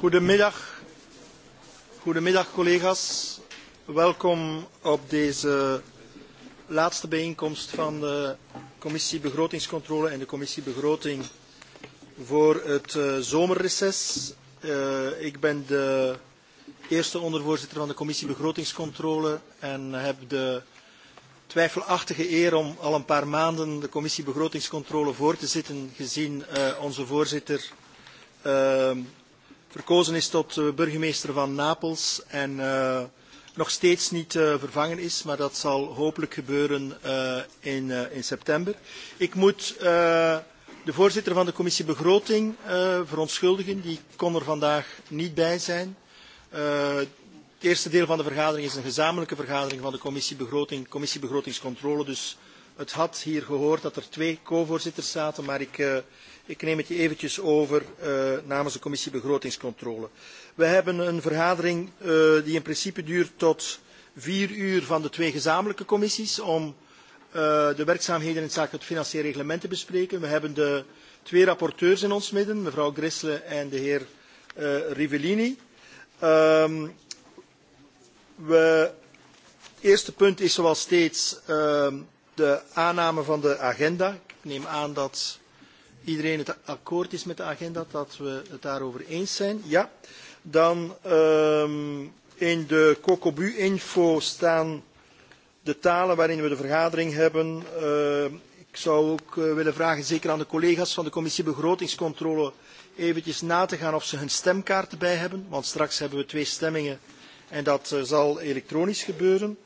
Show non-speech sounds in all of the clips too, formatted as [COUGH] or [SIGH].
Goedemiddag. Goedemiddag collega's. Welkom op deze laatste bijeenkomst van de Commissie Begrotingscontrole en de Commissie Begroting voor het eh, zomerreces. Eh, ik ben de eerste ondervoorzitter van de Commissie Begrotingscontrole en heb de twijfelachtige eer om al een paar maanden de Commissie Begrotingscontrole voor te zitten gezien eh, onze voorzitter uh, verkozen is tot uh, burgemeester van Napels en uh, nog steeds niet uh, vervangen is, maar dat zal hopelijk gebeuren uh, in, uh, in september. Ik moet uh, de voorzitter van de commissie begroting uh, verontschuldigen, die kon er vandaag niet bij zijn. Uh, het eerste deel van de vergadering is een gezamenlijke vergadering van de commissie, Begroting, commissie begrotingscontrole. Dus het had hier gehoord dat er twee co-voorzitters zaten, maar ik uh, Ik neem het je eventjes over uh, namens de commissie begrotingscontrole. We hebben een vergadering uh, die in principe duurt tot vier uur van de twee gezamenlijke commissies om uh, de werkzaamheden in zaken het financiële reglement te bespreken. We hebben de twee rapporteurs in ons midden, mevrouw Grisselen en de heer uh, Rivellini. Um, we, het eerste punt is zoals steeds uh, de aanname van de agenda. Ik neem aan dat uh, iedereen het akkoord is met de agenda, dat we het daarover eens zijn. Ja, dan um, in de COCOBU-info staan de talen waarin we de vergadering hebben. Uh, ik zou ook uh, willen vragen, zeker aan de collega's van de commissie Begrotingscontrole, eventjes na te gaan of ze hun stemkaarten bij hebben, want straks hebben we twee stemmingen en dat uh, zal elektronisch gebeuren.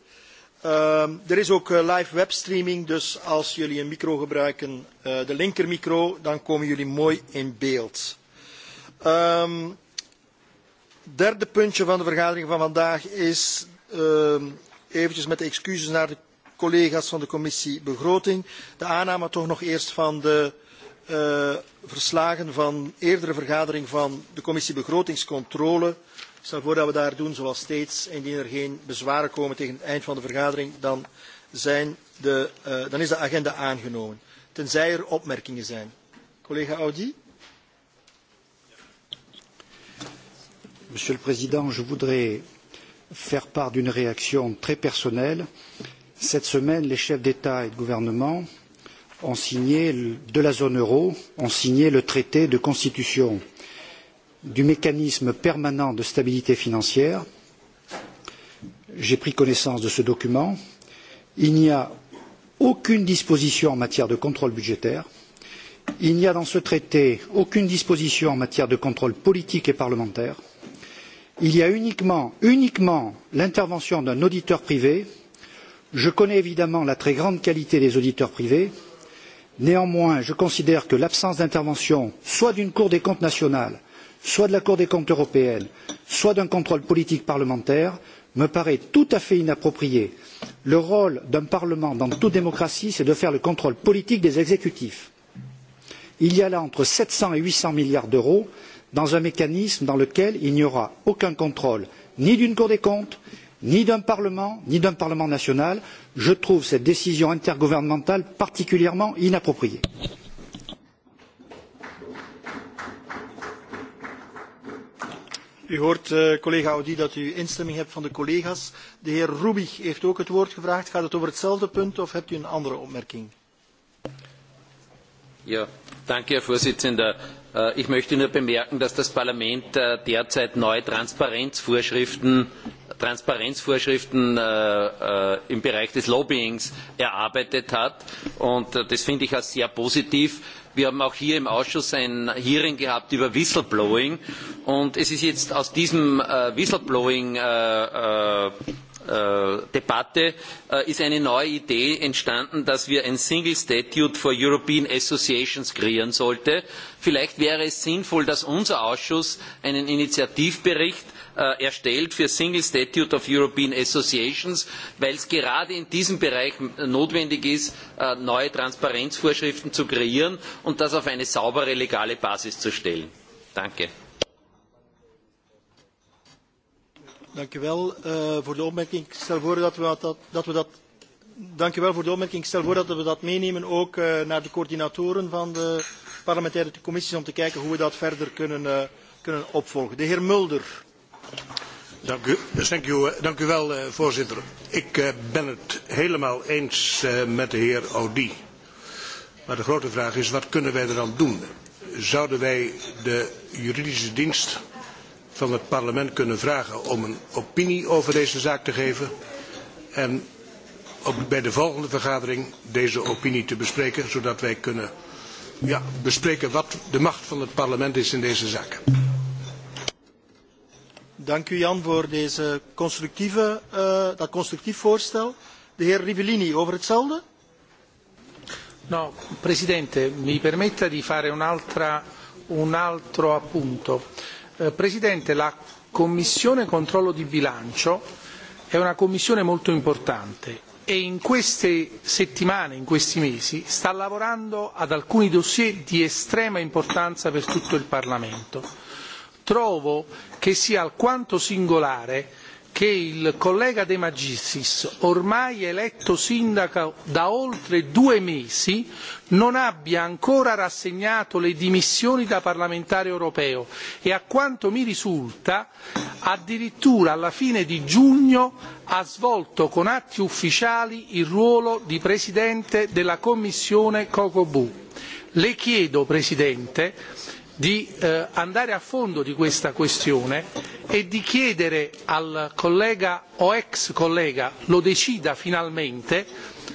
Uh, er is ook uh, live webstreaming, dus als jullie een micro gebruiken, uh, de linkermicro, dan komen jullie mooi in beeld. Um, derde puntje van de vergadering van vandaag is, uh, eventjes met de excuses naar de collega's van de commissie begroting, de aanname toch nog eerst van de uh, verslagen van eerdere vergadering van de commissie begrotingscontrole. Uh, Ik stel voor dat we daar doen zoals steeds. Indien er geen bezwaren komen tegen het eind van de vergadering, dan, zijn de, uh, dan is de agenda aangenomen. Tenzij er opmerkingen zijn. Collega Audi. Monsieur le Président, je voudrais faire part d'une réaction très personnelle. Cette semaine, les chefs d'État et de gouvernement ont signé, de la zone euro ont signé le traité de constitution du mécanisme permanent de stabilité financière. J'ai pris connaissance de ce document. Il n'y a aucune disposition en matière de contrôle budgétaire. Il n'y a dans ce traité aucune disposition en matière de contrôle politique et parlementaire. Il y a uniquement, uniquement l'intervention d'un auditeur privé. Je connais évidemment la très grande qualité des auditeurs privés. Néanmoins, je considère que l'absence d'intervention, soit d'une Cour des comptes nationale, soit de la cour des comptes européenne soit d'un contrôle politique parlementaire me paraît tout à fait inapproprié. le rôle d'un parlement dans toute démocratie c'est de faire le contrôle politique des exécutifs. il y a là entre sept cents et huit cents milliards d'euros dans un mécanisme dans lequel il n'y aura aucun contrôle ni d'une cour des comptes ni d'un parlement ni d'un parlement national. je trouve cette décision intergouvernementale particulièrement inappropriée. U hoort, uh, collega Audi, dat u instemming hebt van de collega's. De heer Rubig heeft ook het woord gevraagd. Gaat het over hetzelfde punt of hebt u een andere opmerking? Ja, dank u, voorzitter. Uh, ik möchte nur bemerken dat het parlement uh, eh, derzeit nieuwe transparenzvoorschriften Transparenzvorschriften äh, äh, im Bereich des Lobbyings erarbeitet hat. Und äh, das finde ich als sehr positiv. Wir haben auch hier im Ausschuss ein Hearing gehabt über Whistleblowing und es ist jetzt aus diesem äh, Whistleblowing äh, äh, äh, Debatte äh, ist eine neue Idee entstanden, dass wir ein Single Statute for European Associations kreieren sollte. Vielleicht wäre es sinnvoll, dass unser Ausschuss einen Initiativbericht Äh, erstellt für Single Statute of European Associations, weil es gerade in diesem Bereich notwendig ist, äh, neue Transparenzvorschriften zu kreieren und das auf eine saubere legale Basis zu stellen. Danke. Dank u wel eh, voor de opmerking. Ik stel voor dat we dat meenemen ook uh, naar de coördinatoren van de parlementaire commissies om te kijken hoe we dat verder kunnen, uh, kunnen opvolgen. De heer Mulder. Uh, Eh, voorzitter ik eh, ben het helemaal eens eh, met de heer audy maar de grote vraag is wat kunnen wij eraan doen? zouden wij de juridische dienst van het parlement kunnen vragen om een opinie over deze zaak te geven en bij de volgende vergadering deze opinie te bespreken zodat wij kunnen ja, bespreken wat de macht van het parlement is in deze zaak? Dank u Jan voor deze constructieve, uh, dat constructief voorstel. De heer Rivellini, over hetzelfde? No, presidente, mi permetta di fare un, altra, un altro appunto. Eh, presidente, la Commissione Controllo di Bilancio è una commissione molto importante e in queste settimane, in questi mesi, sta lavorando ad alcuni dossier di estrema importanza per tutto il Parlamento trovo che sia alquanto singolare che il collega de magistris ormai eletto sindaco da oltre due mesi non abbia ancora rassegnato le dimissioni da parlamentare europeo e a quanto mi risulta addirittura alla fine di giugno ha svolto con atti ufficiali il ruolo di presidente della commissione cocobu. le chiedo presidente di eh, andare a fondo di questa questione e di chiedere al collega o ex collega lo decida finalmente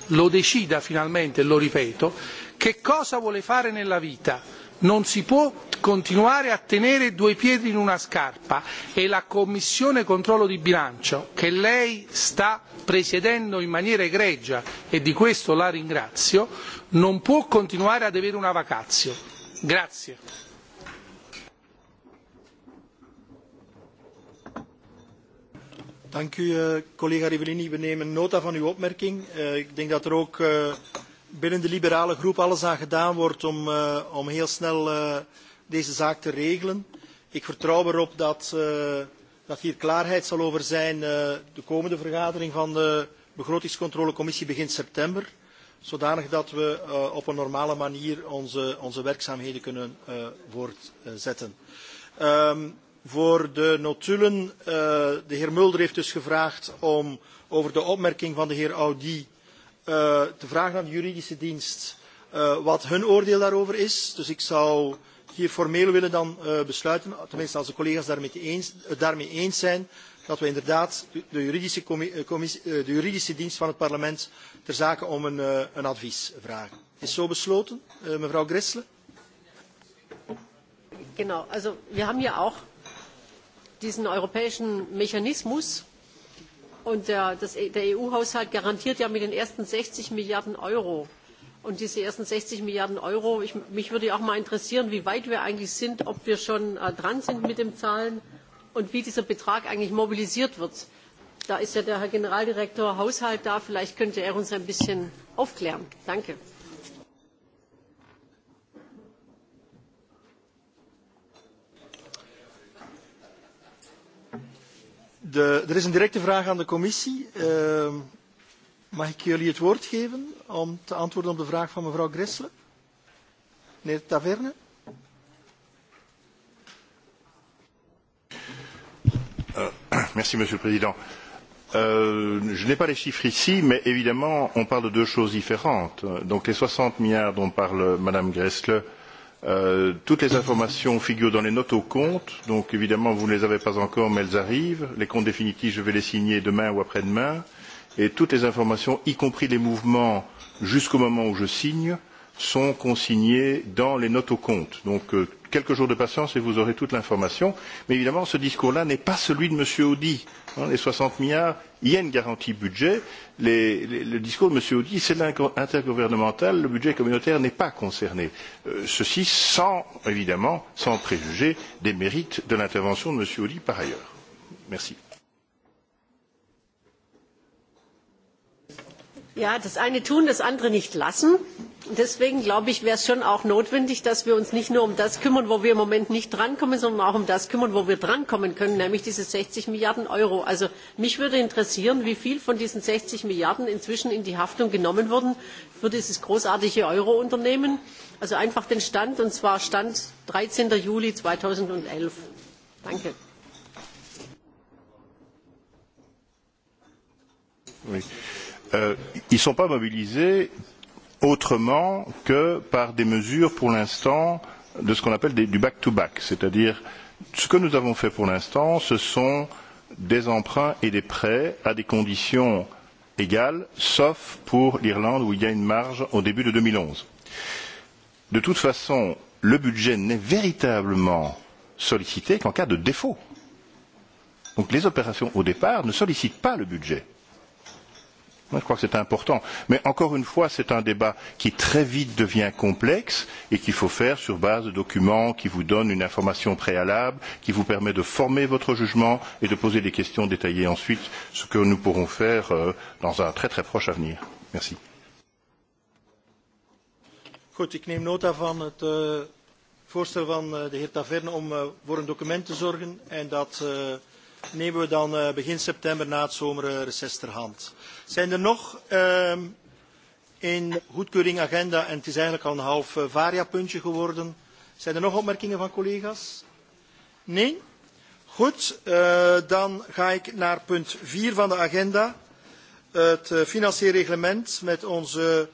lo decida finalmente lo ripeto che cosa vuole fare nella vita non si può continuare a tenere due piedi in una scarpa e la commissione controllo di bilancio che lei sta presiedendo in maniera egregia e di questo la ringrazio non può continuare ad avere una vacazio grazie Dank u, uh, collega Rivellini. We nemen nota van uw opmerking. Uh, ik denk dat er ook uh, binnen de liberale groep alles aan gedaan wordt om, uh, om heel snel uh, deze zaak te regelen. Ik vertrouw erop dat, uh, dat hier klaarheid zal over zijn. Uh, de komende vergadering van de begrotingscontrolecommissie begint september. Zodanig dat we uh, op een normale manier onze, onze werkzaamheden kunnen uh, voortzetten. Um, voor de notulen. Uh, de heer Mulder heeft dus gevraagd om over de opmerking van de heer Audi uh, te vragen aan de juridische dienst uh, wat hun oordeel daarover is. Dus ik zou hier formeel willen dan uh, besluiten, tenminste als de collega's daarmee eens, uh, daarmee eens zijn, dat we inderdaad de juridische, commissie, uh, de juridische dienst van het parlement ter zake om een, uh, een advies vragen. Is zo besloten, uh, mevrouw Gressle? Genau, also wir haben ja auch diesen europäischen mechanismus und der eu e haushalt garantiert ja mit den ersten sechzig milliarden euro und diese ersten sechzig milliarden euro mich würde ja auch mal interessieren wie weit wir eigentlich sind ob wir schon äh, dran sind mit den zahlen und wie dieser betrag eigentlich mobilisiert wird. da ist ja der herr generaldirektor haushalt da vielleicht könnte er uns ein bisschen aufklären. danke. er is een directe vraag aan de commissie. Ehm, mag ik jullie het woord geven om te antwoorden op de vraag van mevrouw Gressle? Meneer Taverne? Euh, merci, monsieur le Président. Euh, je n'ai pas les chiffres ici, mais évidemment, on parle de deux choses différentes. Donc les 60 milliards dont parle madame Gressle, euh, Euh, toutes les informations figurent dans les notes aux comptes, donc évidemment vous ne les avez pas encore, mais elles arrivent. Les comptes définitifs, je vais les signer demain ou après-demain. Et toutes les informations, y compris les mouvements jusqu'au moment où je signe, euh, sont consignés dans les notes aux comptes. Donc euh, quelques jours de patience et vous aurez toute l'information. Mais évidemment, ce discours-là n'est pas celui de M. Audi. Hein, les 60 milliards, il y a une garantie budget. Les, les, le discours de M. Audi, c'est intergouvernemental, le budget communautaire n'est pas concerné. Euh, ceci sans, évidemment, sans préjuger des mérites de l'intervention de M. Audi par ailleurs. Merci. Ja, das eine tun das andere nicht lassen. deswegen wäre es schon auch notwendig dass wir uns nicht nur um das kümmern wo wir im moment nicht drankommen sondern auch um das kümmern wo wir drankommen können nämlich diese sechzig milliarden euro. mich würde interessieren wie viel von diesen sechzig milliarden inzwischen in die haftung genommen wurde für dieses großartige euro unternehmen also einfach den stand und zwar stand. dreizehn juli. zweitausendelf Euh, ils ne sont pas mobilisés autrement que par des mesures pour l'instant de ce qu'on appelle des, du back to back c'est à dire ce que nous avons fait pour l'instant ce sont des emprunts et des prêts à des conditions égales sauf pour l'Irlande où il y a une marge au début de 2011 de toute façon le budget n'est véritablement sollicité qu'en cas de défaut donc les opérations au départ ne sollicitent pas le budget. Moi, je crois que c'est important. Mais encore une fois, c'est un débat qui très vite devient complexe et qu'il faut faire sur base de documents qui vous donnent une information préalable, qui vous permet de former votre jugement et de poser des questions détaillées ensuite, ce que nous pourrons faire euh, dans un très très proche avenir. Merci. Goed, ik neem nota van het uh, voorstel van uh, de heer Taverne om uh, voor een document te zorgen en dat uh nemen we dan uh, begin september na het zomer uh, eh, reces ter hand. Zijn er nog uh, in goedkeuring agenda, en het is eigenlijk al een half uh, variapuntje geworden, zijn er nog opmerkingen van collega's? Nee? Goed, uh, dan ga ik naar punt 4 van de agenda. Het uh, financieel reglement met onze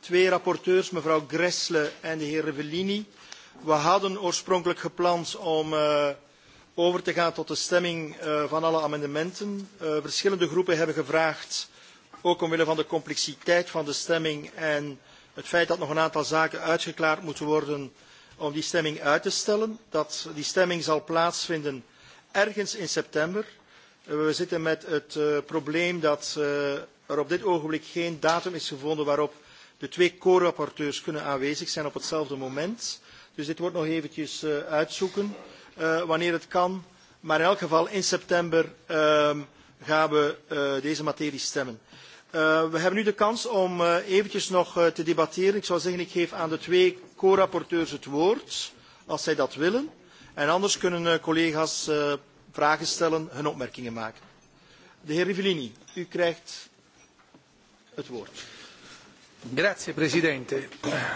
twee rapporteurs, mevrouw Gressle en de heer Revellini. We hadden oorspronkelijk gepland om... Uh, over te gaan tot de stemming eh, van alle amendementen. Eh, verschillende groepen hebben gevraagd, ook omwille van de complexiteit van de stemming en het feit dat nog een aantal zaken uitgeklaard moeten worden om die stemming uit te stellen. Dat die stemming zal plaatsvinden ergens in september. Eh, we zitten met het probleem dat er op dit ogenblik geen datum is gevonden waarop de twee co-rapporteurs kunnen aanwezig zijn op hetzelfde moment. Dus dit wordt nog eventjes uitzoeken uh, wanneer het kan. Maar in elk geval in september uh, gaan we uh, deze materie stemmen. Uh, we hebben nu de kans om uh, eventjes nog uh, te debatteren. Ik zou zeggen, ik geef aan de twee co-rapporteurs het woord, als zij dat willen. En anders kunnen uh, collega's uh, vragen stellen, hun opmerkingen maken. De heer Rivellini, u krijgt het woord. Grazie Presidente.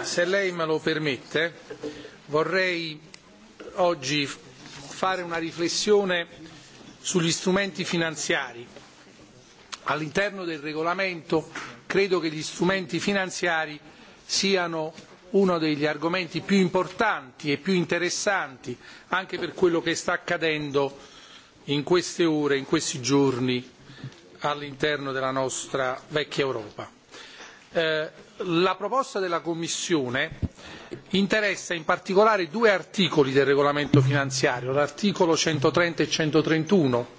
Se lei me lo permette, vorrei oggi fare una riflessione sugli strumenti finanziari. All'interno del regolamento credo che gli strumenti finanziari siano uno degli argomenti più importanti e più interessanti anche per quello che sta accadendo in queste ore, in questi giorni all'interno della nostra vecchia Europa. Eh, la proposta della Commissione eh, interessa in particolare due articoli del regolamento finanziario l'articolo centotrenta e centotrentuno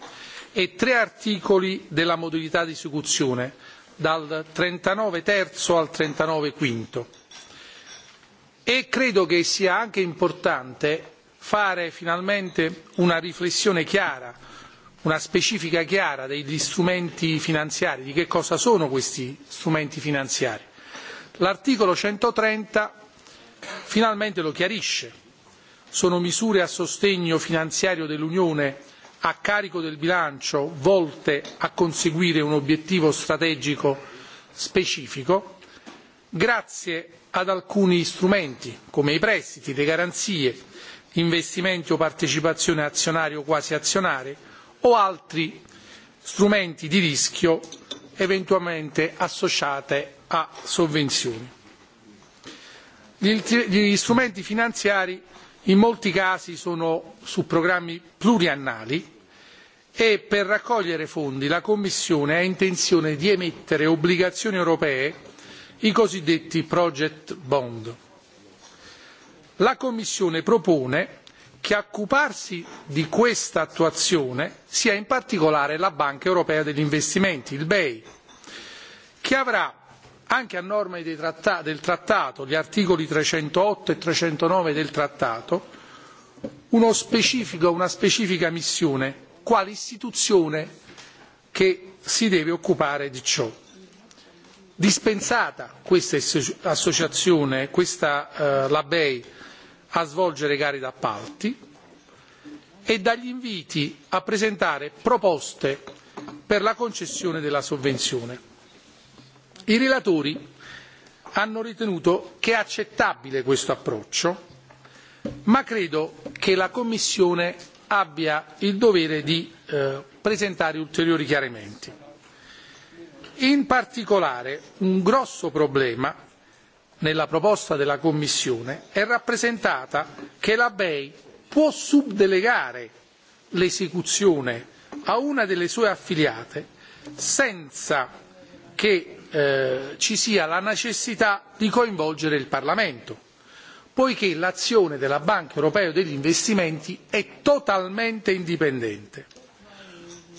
e tre articoli della modalità di esecuzione dal trentanove terzo al trentanove quinto e credo che sia anche importante fare finalmente una riflessione chiara una specifica chiara degli strumenti finanziari di che cosa sono questi strumenti finanziari. l'articolo centotrenta finalmente lo chiarisce sono misure a sostegno finanziario dell'unione a carico del bilancio volte a conseguire un obiettivo strategico specifico grazie ad alcuni strumenti come i prestiti le garanzie investimenti o partecipazione azionaria o quasi azionaria o altri strumenti di rischio eventualmente associate a sovvenzioni gli strumenti finanziari in molti casi sono su programmi pluriennali e per raccogliere fondi la commissione ha intenzione di emettere obbligazioni europee i cosiddetti project bond. la commissione propone che a occuparsi di questa attuazione sia in particolare la banca europea degli investimenti il bei che avrà anche a norma del trattato gli articoli trecentotto e trecentonove del trattato uno specifico, una specifica missione quale istituzione che si deve occupare di ciò. Dispensata questa associazione, questa eh, labei a svolgere gare d'appalti e dagli inviti a presentare proposte per la concessione della sovvenzione i relatori hanno ritenuto che è accettabile questo approccio ma credo che la commissione abbia il dovere di eh, presentare ulteriori chiarimenti. in particolare un grosso problema nella proposta della commissione è rappresentato dal fatto che la bei può subdelegare l'esecuzione a una delle sue affiliate senza che Eh, ci sia la necessità di coinvolgere il parlamento poiché l'azione della banca europea per gli investimenti è totalmente indipendente.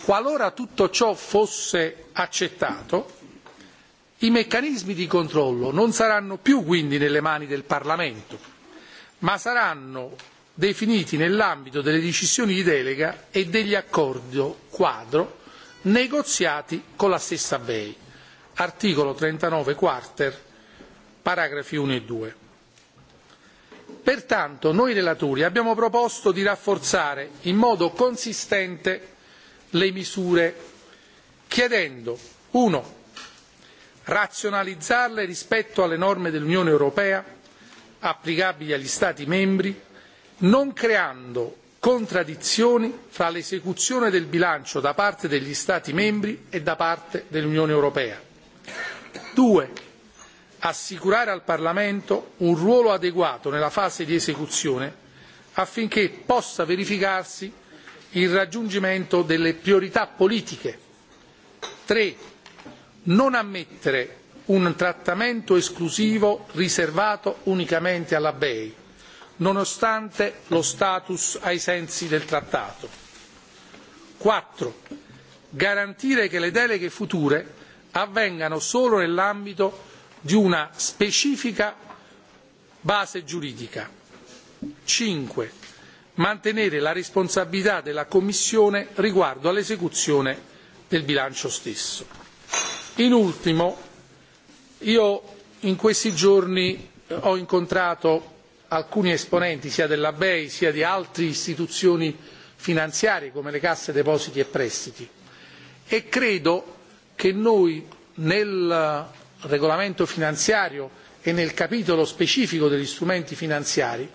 qualora tutto ciò fosse accettato i meccanismi di controllo non saranno più quindi nelle mani del parlamento ma saranno definiti nell'ambito delle decisioni di delega e degli accordi quadro negoziati con la stessa bei articolo trentanove quater paragrafi uno e. due pertanto noi relatori abbiamo proposto di rafforzare in modo consistente le misure chiedendo uno razionalizzarle rispetto alle norme dell'Unione europea applicabili agli Stati membri, non creando contraddizioni fra l'esecuzione del bilancio da parte degli Stati membri e da parte dell'Unione europea due assicurare al parlamento un ruolo adeguato nella fase di esecuzione affinché possa verificarsi il raggiungimento delle priorità politiche tre non ammettere un trattamento esclusivo riservato unicamente alla bei nonostante lo status ai sensi del trattato quattro garantire che le deleghe future avvengano solo nell'ambito di una specifica base giuridica. cinque mantenere la responsabilità della Commissione riguardo all'esecuzione del bilancio stesso. In ultimo, io in questi giorni eh, ho incontrato alcuni esponenti sia della BEI sia di altre istituzioni finanziarie come le casse depositi e prestiti e credo che noi nel regolamento finanziario e nel capitolo specifico degli strumenti finanziari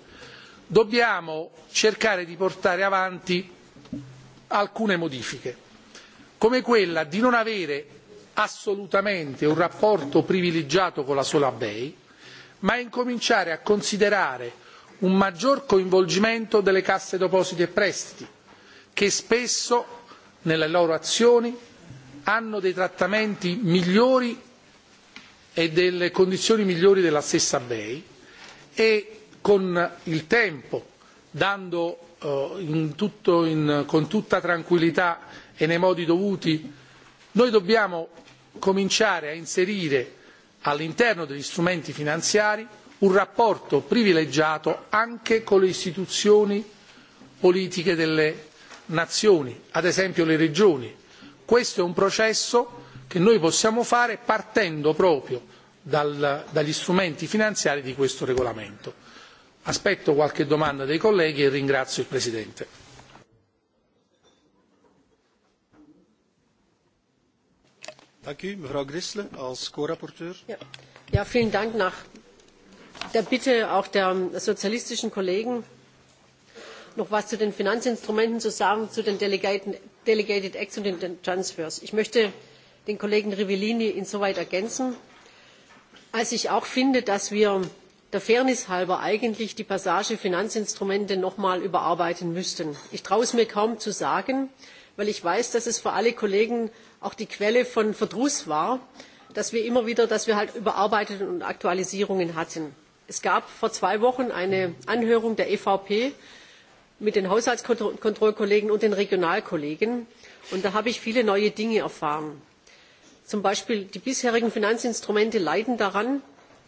dobbiamo cercare di portare avanti alcune modifiche come quella di non avere assolutamente un rapporto privilegiato con la sola BEI ma incominciare a considerare un maggior coinvolgimento delle casse depositi e prestiti che spesso nelle loro azioni hanno dei trattamenti migliori e delle condizioni migliori della stessa bei e con il tempo dando eh, in tutto, in, con tutta tranquillità e nei modi dovuti noi dobbiamo cominciare a inserire all'interno degli strumenti finanziari un rapporto privilegiato anche con le istituzioni politiche delle nazioni, ad esempio le regioni, questo è un processo che noi possiamo fare partendo proprio dal, dagli strumenti finanziari di questo regolamento. Aspetto qualche domanda dei colleghi e ringrazio il Presidente. Dank u, mevrouw Grisle, als co-rapporteur. Ja. ja, vielen Dank nach der Bitte auch der ähm, sozialistischen Kollegen noch etwas zu den finanzinstrumenten zu sagen zu den delegierten rechtsakten und den transfers. ich möchte den kollegen rivellini insoweit ergänzen als ich auch finde dass wir der fairness halber eigentlich die passage finanzinstrumente noch einmal überarbeiten müssten. ich traue es mir kaum zu sagen weil ich weiß dass es für alle kollegen auch die quelle von verdruss war dass wir immer wieder überarbeitungen und aktualisierungen hatten. es gab vor zwei wochen eine anhörung der evp mit den haushaltskontrollkollegen und den regionalkollegen und da habe ich viele neue dinge erfahren. zum beispiel leiden die bisherigen finanzinstrumente daran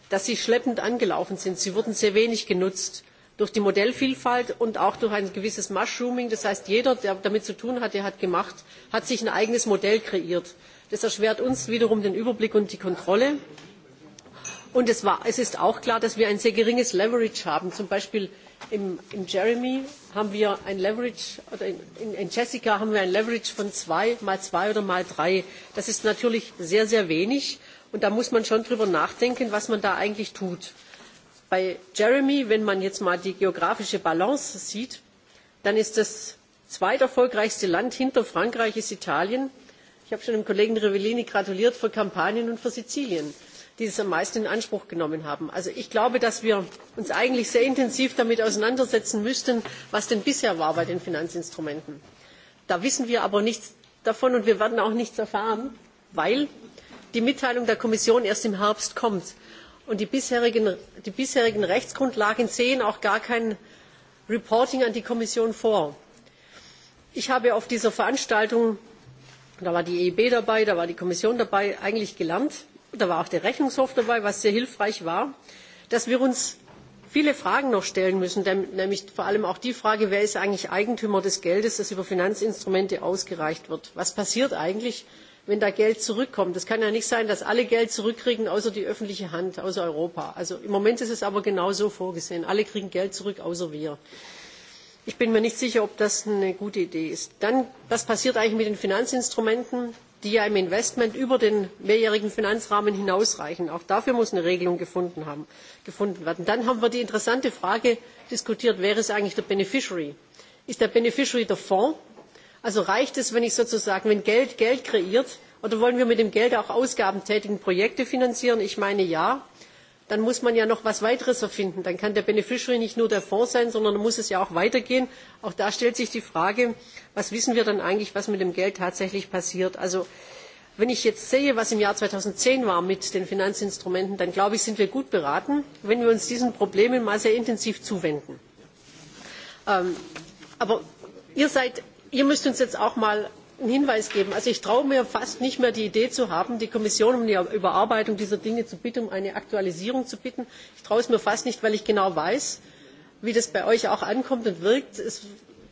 dass sie schleppend angelaufen sind. sie wurden sehr wenig genutzt durch die modellvielfalt und auch durch ein gewisses mushrooming das heißt jeder der damit zu tun hatte hat gemacht hat sich ein eigenes modell kreiert. das erschwert uns wiederum den überblick und die kontrolle. und es ist auch klar dass wir ein sehr geringes leverage haben in jeremie haben wir ein leverage oder in, in jessica haben wir ein leverage von zwei mal zwei oder mal drei das ist natürlich sehr sehr wenig und da muss man schon darüber nachdenken was man da eigentlich tut. bei jeremie wenn man jetzt mal die geografische balance sieht dann ist das zweiterfolgreichste land hinter frankreich ist italien. ich habe schon dem kollegen rivellini gratuliert für kampanien und für sizilien die es am meisten in anspruch genommen haben. ich glaube dass wir uns eigentlich sehr intensiv damit auseinandersetzen müssten was denn bisher war bei den finanzinstrumenten. da wissen wir aber nichts davon und wir werden auch nichts erfahren weil die mitteilung der kommission erst im herbst kommt und die bisherigen rechtsgrundlagen sehen auch gar kein reporting an die kommission vor. ich habe auf dieser veranstaltung da war die eib dabei da war die kommission dabei eigentlich gelernt Da war auch der Rechnungshof dabei, was sehr hilfreich war, dass wir uns viele Fragen noch stellen müssen, nämlich vor allem auch die Frage, wer ist eigentlich Eigentümer des Geldes, das über Finanzinstrumente ausgereicht wird? Was passiert eigentlich, wenn da Geld zurückkommt? Es kann ja nicht sein, dass alle Geld zurückkriegen, außer die öffentliche Hand, außer Europa. Also im Moment ist es aber genauso vorgesehen. Alle kriegen Geld zurück, außer wir. Ich bin mir nicht sicher, ob das eine gute Idee ist. Dann, was passiert eigentlich mit den Finanzinstrumenten? die ja im investment über den mehrjährigen finanzrahmen hinausreichen. auch dafür muss eine regelung gefunden werden. dann haben wir die interessante frage diskutiert wer ist eigentlich der beneficiary? ist der beneficiary der fonds? also reicht es wenn sozusagen geld geld kreiert oder wollen wir mit dem geld auch ausgabentätige projekte finanzieren? ich meine ja dann muss man ja noch etwas weiteres erfinden. Dann kann der Beneficiary nicht nur der Fonds sein, sondern dann muss es ja auch weitergehen. Auch da stellt sich die Frage, was wissen wir dann eigentlich, was mit dem Geld tatsächlich passiert. Also wenn ich jetzt sehe, was im Jahr 2010 war mit den Finanzinstrumenten, dann glaube ich, sind wir gut beraten, wenn wir uns diesen Problemen mal sehr intensiv zuwenden. Ähm, aber ihr, seid, ihr müsst uns jetzt auch mal einen hinweis geben ich traue mir fast nicht mehr die idee zu haben die kommission um die überarbeitung dieser dinge zu bitten um eine aktualisierung zu bitten. ich traue es mir fast nicht weil ich genau weiß wie das bei euch auch ankommt und wirkt. es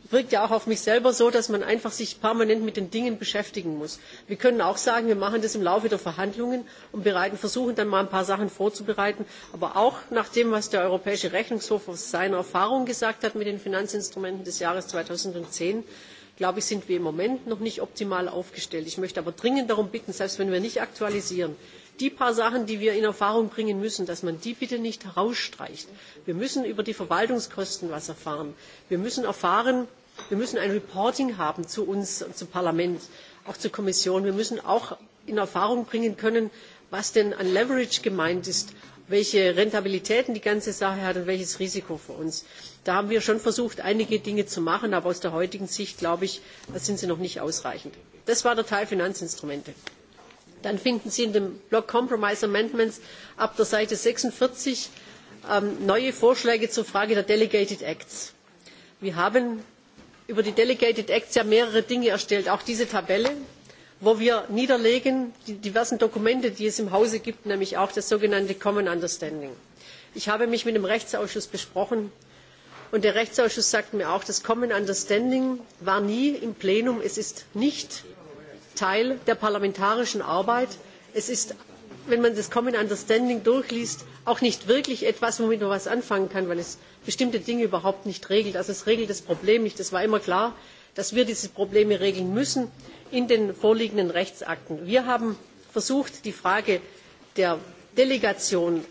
wirkt ja auch auf mich selber so dass man sich einfach permanent mit den dingen beschäftigen muss. wir können auch sagen wir machen das im laufe der verhandlungen und versuchen dann mal ein paar sachen vorzubereiten. aber auch nach dem was der europäische rechnungshof aus seiner erfahrung mit den finanzinstrumenten des jahres zweitausendzehn gesagt glaube ich sind wir im moment noch nicht optimal aufgestellt. ich möchte aber dringend darum bitten selbst wenn wir nicht aktualisieren die paar sachen die wir in erfahrung bringen müssen dass man die bitte nicht herausstreicht. wir müssen etwas über die verwaltungskosten erfahren. wir müssen erfahren wir müssen ein reporting haben zu uns zum parlament auch zur kommission. wir müssen auch in erfahrung bringen können was denn an leverage gemeint welche rentabilitäten die ganze sache hat und welches risiko für uns. da haben wir schon versucht einige dinge zu machen aber aus der heutigen sicht glaube ich sind sie noch nicht ausreichend. das war der teil finanzinstrumente. dann finden sie in dem block compromise amendments ab der seite sechsundvierzig ähm, neue vorschläge zur frage der delegated acts. wir haben über die delegated acts ja mehrere dinge erstellt auch diese tabelle wo wir die diversen dokumente die es im hause gibt niederlegen nämlich auch das sogenannte common understanding. ich habe mich mit dem rechtsausschuss besprochen und der rechtsausschuss sagt mir auch das common understanding war nie im plenum es ist nicht teil der parlamentarischen arbeit es ist wenn man das common understanding durchliest auch nicht wirklich etwas womit man etwas anfangen kann weil es bestimmte dinge überhaupt nicht regelt. also es regelt das problem nicht das war immer klar dass wir diese probleme regeln müssen in den vorliegenden rechtsakten. wir haben versucht die frage der delegation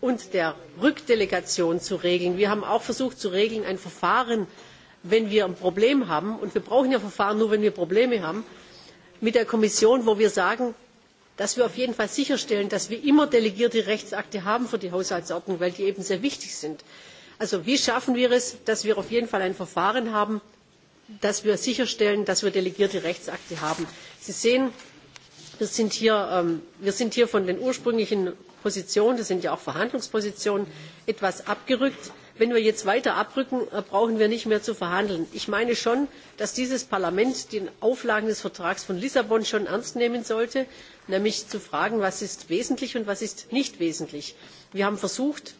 und der rückdelegation zu regeln. wir haben auch versucht ein verfahren zu regeln wenn wir ein problem haben und wir brauchen ja verfahren nur wenn wir probleme haben mit der kommission wo wir sagen dass wir auf jeden fall sicherstellen dass wir immer delegierte rechtsakte haben für die haushaltsordnung weil die eben sehr wichtig sind. also wie schaffen wir es dass wir auf jeden fall ein verfahren haben dass wir sicherstellen dass wir delegierte rechtsakte haben. sie sehen ähm, wir sind hier von den ursprünglichen positionen das sind ja auch verhandlungspositionen etwas abgerückt. wenn wir jetzt weiter abrücken äh, brauchen wir nicht mehr zu verhandeln. ich meine schon dass dieses parlament die auflagen des vertrags von lissabon schon ernst nehmen sollte nämlich zu fragen was ist wesentlich und was ist nicht wesentlich? wir haben versucht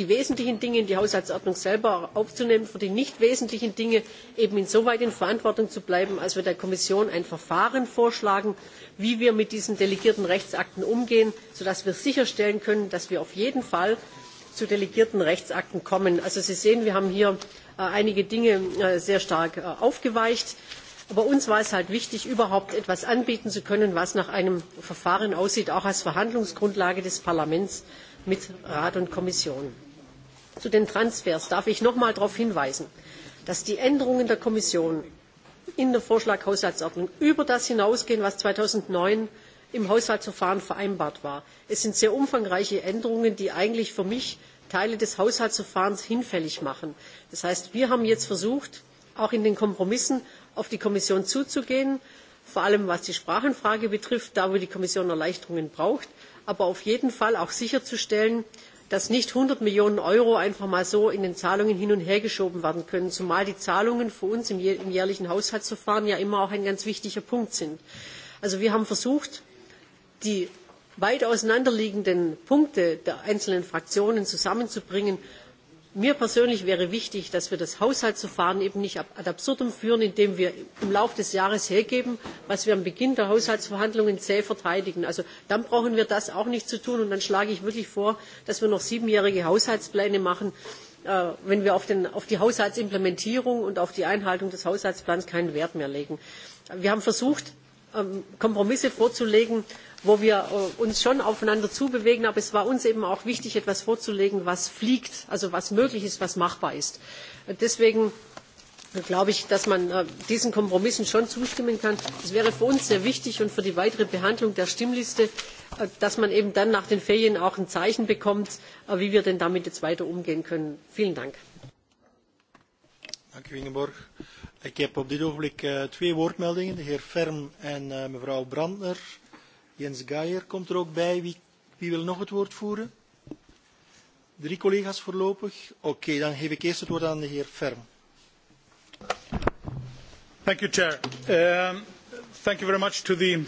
die wesentlichen dinge in die haushaltsordnung selber aufzunehmen für die nicht wesentlichen dinge eben insoweit in verantwortung zu bleiben als wir der kommission ein verfahren vorschlagen wie wir mit diesen delegierten rechtsakten umgehen sodass wir sicherstellen können dass wir auf jeden fall zu delegierten rechtsakten kommen. sie sehen wir haben hier äh, einige dinge äh, sehr stark äh, aufgeweicht. aber uns war es halt wichtig überhaupt etwas anbieten zu können was nach einem verfahren aussieht auch als verhandlungsgrundlage des parlaments mit rat und kommission. Zu den Transfers darf ich noch einmal darauf hinweisen, dass die Änderungen der Kommission in der Vorschlaghaushaltsordnung über das hinausgehen, was 2009 im Haushaltsverfahren vereinbart war. Es sind sehr umfangreiche Änderungen, die eigentlich für mich Teile des Haushaltsverfahrens hinfällig machen. Das heißt, wir haben jetzt versucht, auch in den Kompromissen auf die Kommission zuzugehen, vor allem was die Sprachenfrage betrifft, da wo die Kommission Erleichterungen braucht, aber auf jeden Fall auch sicherzustellen, dass nicht einhundert millionen euro einfach mal so in den zahlungen hin und hergeschoben werden können zumal die zahlungen für uns im jährlichen haushaltsverfahren ja immer auch ein ganz wichtiger punkt sind. wir haben versucht die weit auseinanderliegenden punkte der einzelnen fraktionen zusammenzubringen mir persönlich wäre wichtig dass wir das haushaltsverfahren eben nicht ad absurdum führen indem wir im laufe des jahres hergeben was wir am beginn der haushaltsverhandlungen zäh verteidigen. dann brauchen wir das auch nicht zu tun und dann schlage ich wirklich vor dass wir noch siebenjährige haushaltspläne machen äh, wenn wir auf, den, auf die haushaltsimplementierung und auf die einhaltung des haushaltsplans keinen wert mehr legen. wir haben versucht ähm, kompromisse vorzulegen wo wir äh, uns schon aufeinander zubewegen aber es war uns eben auch wichtig etwas vorzulegen was fliegt also was möglich ist was machbar ist. Äh, deswegen äh, glaube ich dass man diesen kompromissen schon zustimmen kann. es wäre für uns sehr wichtig und für die weitere behandlung der stimmliste dass man eben dann nach den ferien auch ein zeichen bekommt wie wir denn damit jetzt weiter umgehen können. vielen dank! Dank u, Ingeborg. Ik heb op dit ogenblik uh, twee woordmeldingen, de heer Ferm en uh, mevrouw Brandner. Jens Geijer komt er ook bij. Wie, wie wil nog het woord voeren? Drie collega's voorlopig. Oké, okay, dan geef ik eerst het woord aan de heer Ferm. Thank you, Chair. Um, thank you very much to the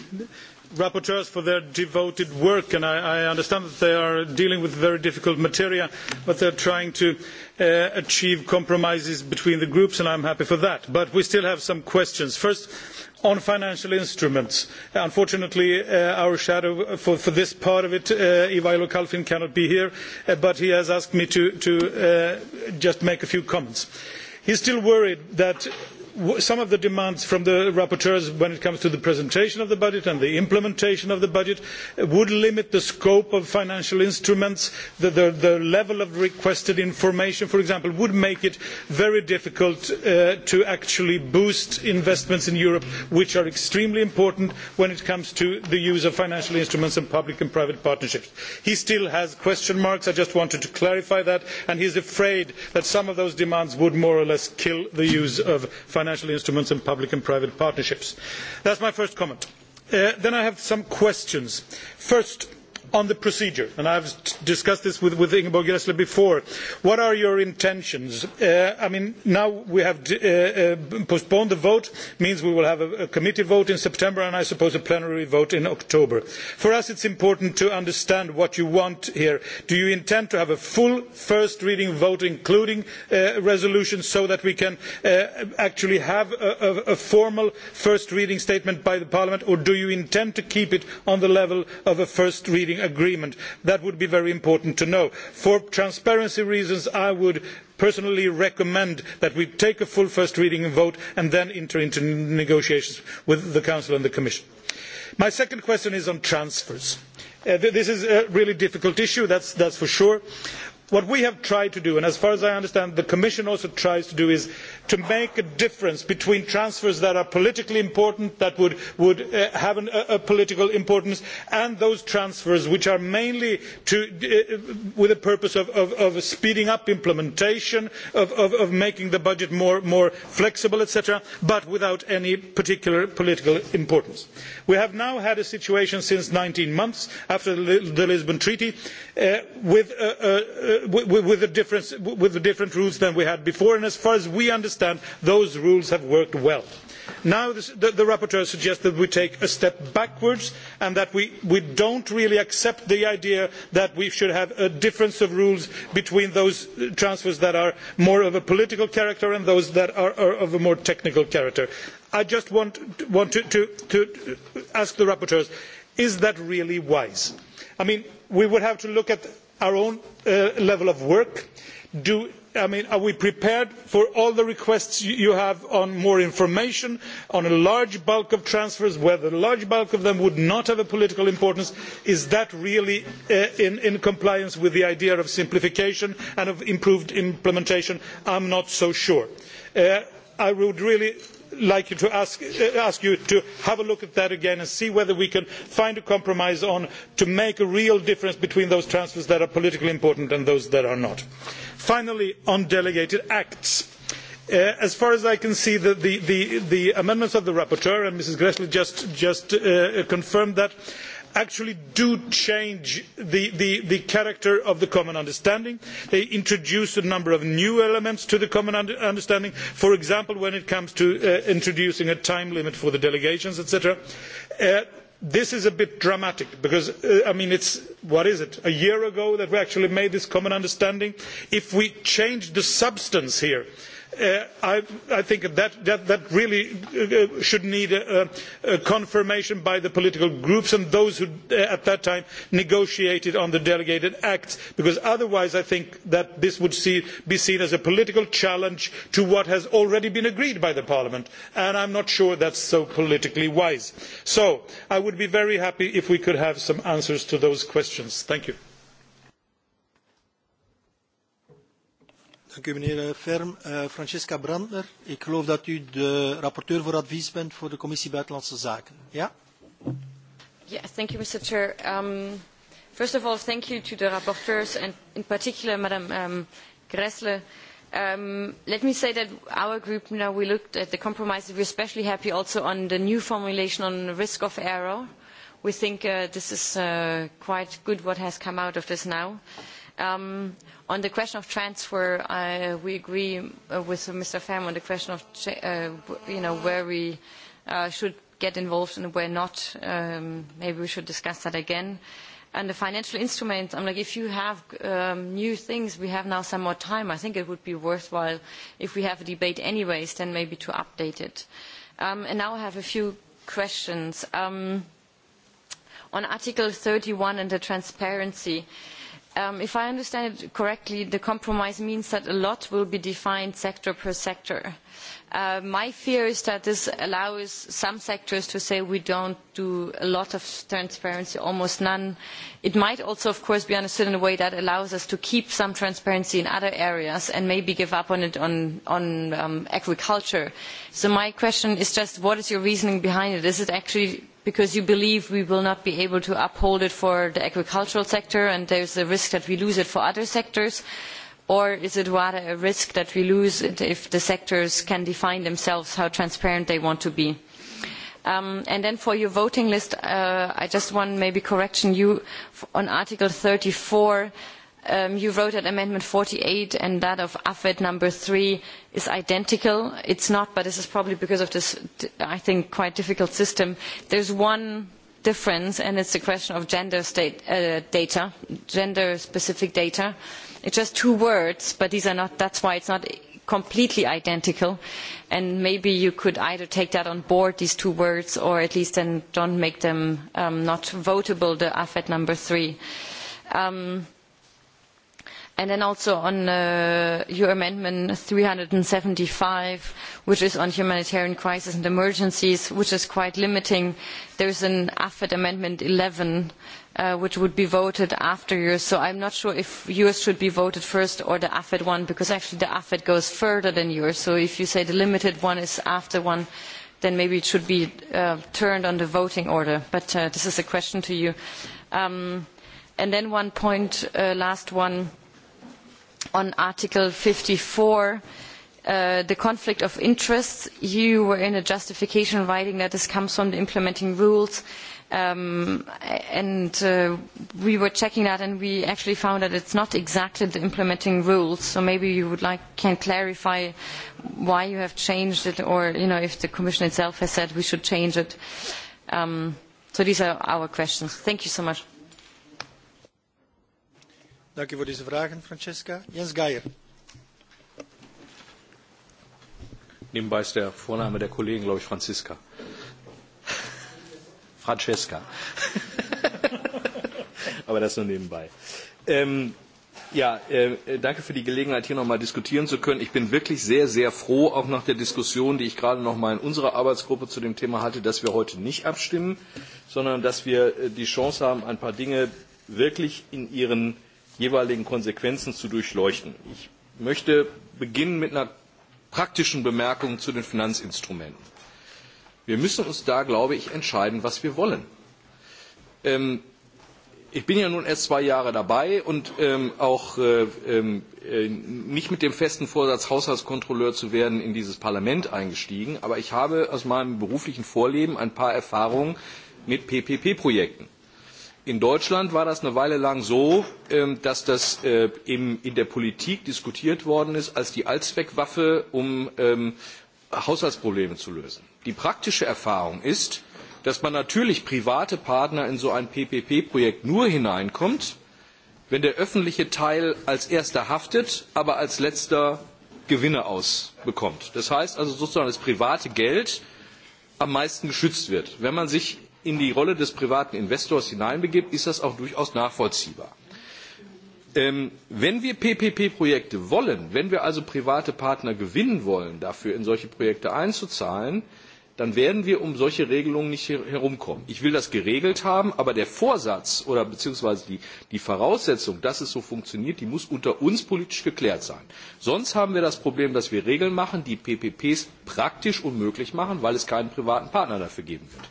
rapporteurs for their devoted work. And I, I understand that they are dealing with very difficult materia, but they're trying to uh, achieve compromises between the groups, and I'm happy for that. But we still have some questions. First, on financial instruments. unfortunately uh, our shadow uh, for this part of it uh, ivailo kalfin cannot be here but he has asked me to just make a few comments. he is still worried that some of the demands from the rapporteurs when it comes to the presentation of the budget and the implementation of the budget uh, would limit the scope of financial instruments. The, the, the level of requested information, for example, would make it very difficult uh, to actually boost investments in Europe, which are extremely important when it comes to the use of financial instruments and public and private partnerships. He still has question marks. I just wanted to clarify that. And he's afraid that some of those demands would more or less kill the use of financial financial instruments and public and private partnerships. that is my first comment. Uh, then i have some questions. firstly on the procedure and i've discussed this with, with ingeborg gressler before what are your intentions uh, i mean now we have d- uh, uh, postponed the vote means we will have a, a committee vote in september and i suppose a plenary vote in october for us it's important to understand what you want here do you intend to have a full first reading vote including uh, resolutions so that we can uh, actually have a, a, a formal first reading statement by the parliament or do you intend to keep it on the level of a first reading agreement that would be very important to know. for transparency reasons i would personally recommend that we take a full first reading and vote and then enter into negotiations with the council and the commission. my second question is on transfers. Uh, this is a really difficult issue, that's, that's for sure what we have tried to do and as far as i understand the commission also tries to do is to make a difference between transfers that are politically important that would uh, have a political importance and those transfers which are mainly uh, with the purpose of speeding up implementation of making the budget more flexible etc. but without any particular political importance. we have now had a situation since nineteen months after the lisbon treaty uh, with a with, with, with the different rules than we had before, and as far as we understand, those rules have worked well. Now, the, the rapporteur suggests that we take a step backwards and that we, we don't really accept the idea that we should have a difference of rules between those transfers that are more of a political character and those that are, are of a more technical character. I just want, want to, to, to ask the rapporteurs is that really wise? I mean, we would have to look at. The, our own uh, level of work? Are we prepared for all the requests you have on more information on a large bulk of transfers whether a large bulk of them would not have a political importance? Is that really uh, in compliance with the idea of simplification and of improved implementation? I am not so sure. Uh, I would really like to uh, ask you to have a look at that again and see whether we can find a compromise on to make a real difference between those transfers that are politically important and those that are not. Finally, on delegated acts. Uh, as far as I can see, the, the, the, the amendments of the rapporteur, and Mrs. Gressler just, just uh, confirmed that, uh, actually do change the, the, the character of the common understanding. They introduce a number of new elements to the common under understanding, for example, when it comes to uh, introducing a time limit for the delegations, etc. Uh, this is a bit dramatic because, uh, I mean, it's, what is it, a year ago that we actually made this common understanding? If we change the substance here, uh, Uh, i think that really uh, uh, should need confirmation by the political groups and those who at that time negotiated on the delegated acts because otherwise i think that this would be seen as a political challenge to what has already been agreed by parliament and i am not sure that is so politically wise. so i would be very happy if we could have some answers to those questions. thank you. Dank u meneer eh, Ferm. Uh, Francesca Brandner, ik geloof dat u de rapporteur voor advies bent voor de Commissie Buitenlandse Zaken. Ja? Yes, thank you, Mr. Chair. Um, first of all, thank you to the rapporteurs and in particular, Madam um, Gressle. Um, let me say that our group, you now we looked at the compromise, we're especially happy also on the new formulation on the risk of error. We think uh, this is uh, quite good what has come out of this now. Uh, Um, on the question of transfer, I, we agree uh, with Mr. Pham on the question of uh, you know, where we uh, should get involved and where not. Um, maybe we should discuss that again. And the financial instruments, I'm like, if you have um, new things, we have now some more time. I think it would be worthwhile if we have a debate anyways, then maybe to update it. Um, and now I have a few questions. Um, on Article 31 and the transparency, uh, Um, if i understand it correctly the compromise means that a lot will be defined sector by sector. Uh, my fear is that this allows some sectors to say we do not do a lot of transparency almost none. it might also of course be understood in a way that allows us to keep some transparency in other areas and maybe give up on it on um, agriculture. so my question is just what is your reasoning behind it? is it actually because you believe we will not be able to uphold it for the agricultural sector and there is a risk that we lose it for other sectors or is it rather a risk that we lose it if the sectors can define themselves how transparent they want to be? Um, and then for your voting list, uh, I just want maybe correction you on Article 34. Um, you wrote that amendment 48 and that of AFED number 3 is identical. It's not, but this is probably because of this, I think, quite difficult system. There's one difference, and it's the question of gender state, uh, data, gender-specific data. It's just two words, but these are not, that's why it's not completely identical. And maybe you could either take that on board, these two words, or at least then don't make them um, not votable, the AFED number 3. Um, and then also on uh, your amendment 375, which is on humanitarian crisis and emergencies, which is quite limiting. There's an AFED amendment 11, uh, which would be voted after yours. So I'm not sure if yours should be voted first or the AFED one, because actually the AFED goes further than yours. So if you say the limited one is after one, then maybe it should be uh, turned on the voting order. But uh, this is a question to you. Um, and then one point, uh, last one on article fifty four uh, the conflict of interests you were in a justification writing that this comes from the implementing rules um, and uh, we were checking that and we actually found that it's not exactly the implementing rules so maybe you would like can clarify why you have changed it or you know if the commission itself has said we should change it um, so these are our questions thank you so much Dank u voor deze vragen, Francesca. Jens Geier. Nebenbei ist der Vorname der Kollegen, glaube ich, Franziska. Francesca. [LAUGHS] Aber das nur nebenbei. Ähm, ja, äh, danke für die Gelegenheit, hier nochmal diskutieren zu können. Ich bin wirklich sehr, sehr froh, auch nach der Diskussion, die ich gerade nochmal in unserer Arbeitsgruppe zu dem Thema hatte, dass wir heute nicht abstimmen, sondern dass wir äh, die Chance haben, ein paar Dinge wirklich in ihren äh, jeweiligen Konsequenzen zu durchleuchten. Ich möchte beginnen mit einer praktischen Bemerkung zu den Finanzinstrumenten. Wir müssen uns da, glaube ich, entscheiden, was wir wollen. Ähm, ich bin ja nun erst zwei Jahre dabei und ähm, auch äh, ähm, äh, nicht mit dem festen Vorsatz, Haushaltskontrolleur zu werden, in dieses Parlament eingestiegen. Aber ich habe aus meinem beruflichen Vorleben ein paar Erfahrungen mit PPP-Projekten. In Deutschland war das eine Weile lang so, ähm, dass das äh, in der Politik diskutiert worden ist als die Allzweckwaffe, um ähm, Haushaltsprobleme zu lösen. Die praktische Erfahrung ist, dass man natürlich private Partner in so ein PPP-Projekt nur hineinkommt, wenn der öffentliche Teil als erster haftet, aber als letzter Gewinne ausbekommt. Das heißt also sozusagen, das private Geld am meisten geschützt wird. Wenn man sich in die Rolle des privaten Investors hineinbegibt, ist das auch durchaus nachvollziehbar. Ähm, wenn wir PPP-Projekte wollen, wenn wir also private Partner gewinnen wollen, dafür in solche Projekte einzuzahlen, dann werden wir um solche Regelungen nicht herumkommen. Ich will das geregelt haben, aber der Vorsatz oder beziehungsweise die, die Voraussetzung, dass es so funktioniert, die muss unter uns politisch geklärt sein. Sonst haben wir das Problem, dass wir Regeln machen, die PPPs praktisch unmöglich machen, weil es keinen privaten Partner dafür geben wird.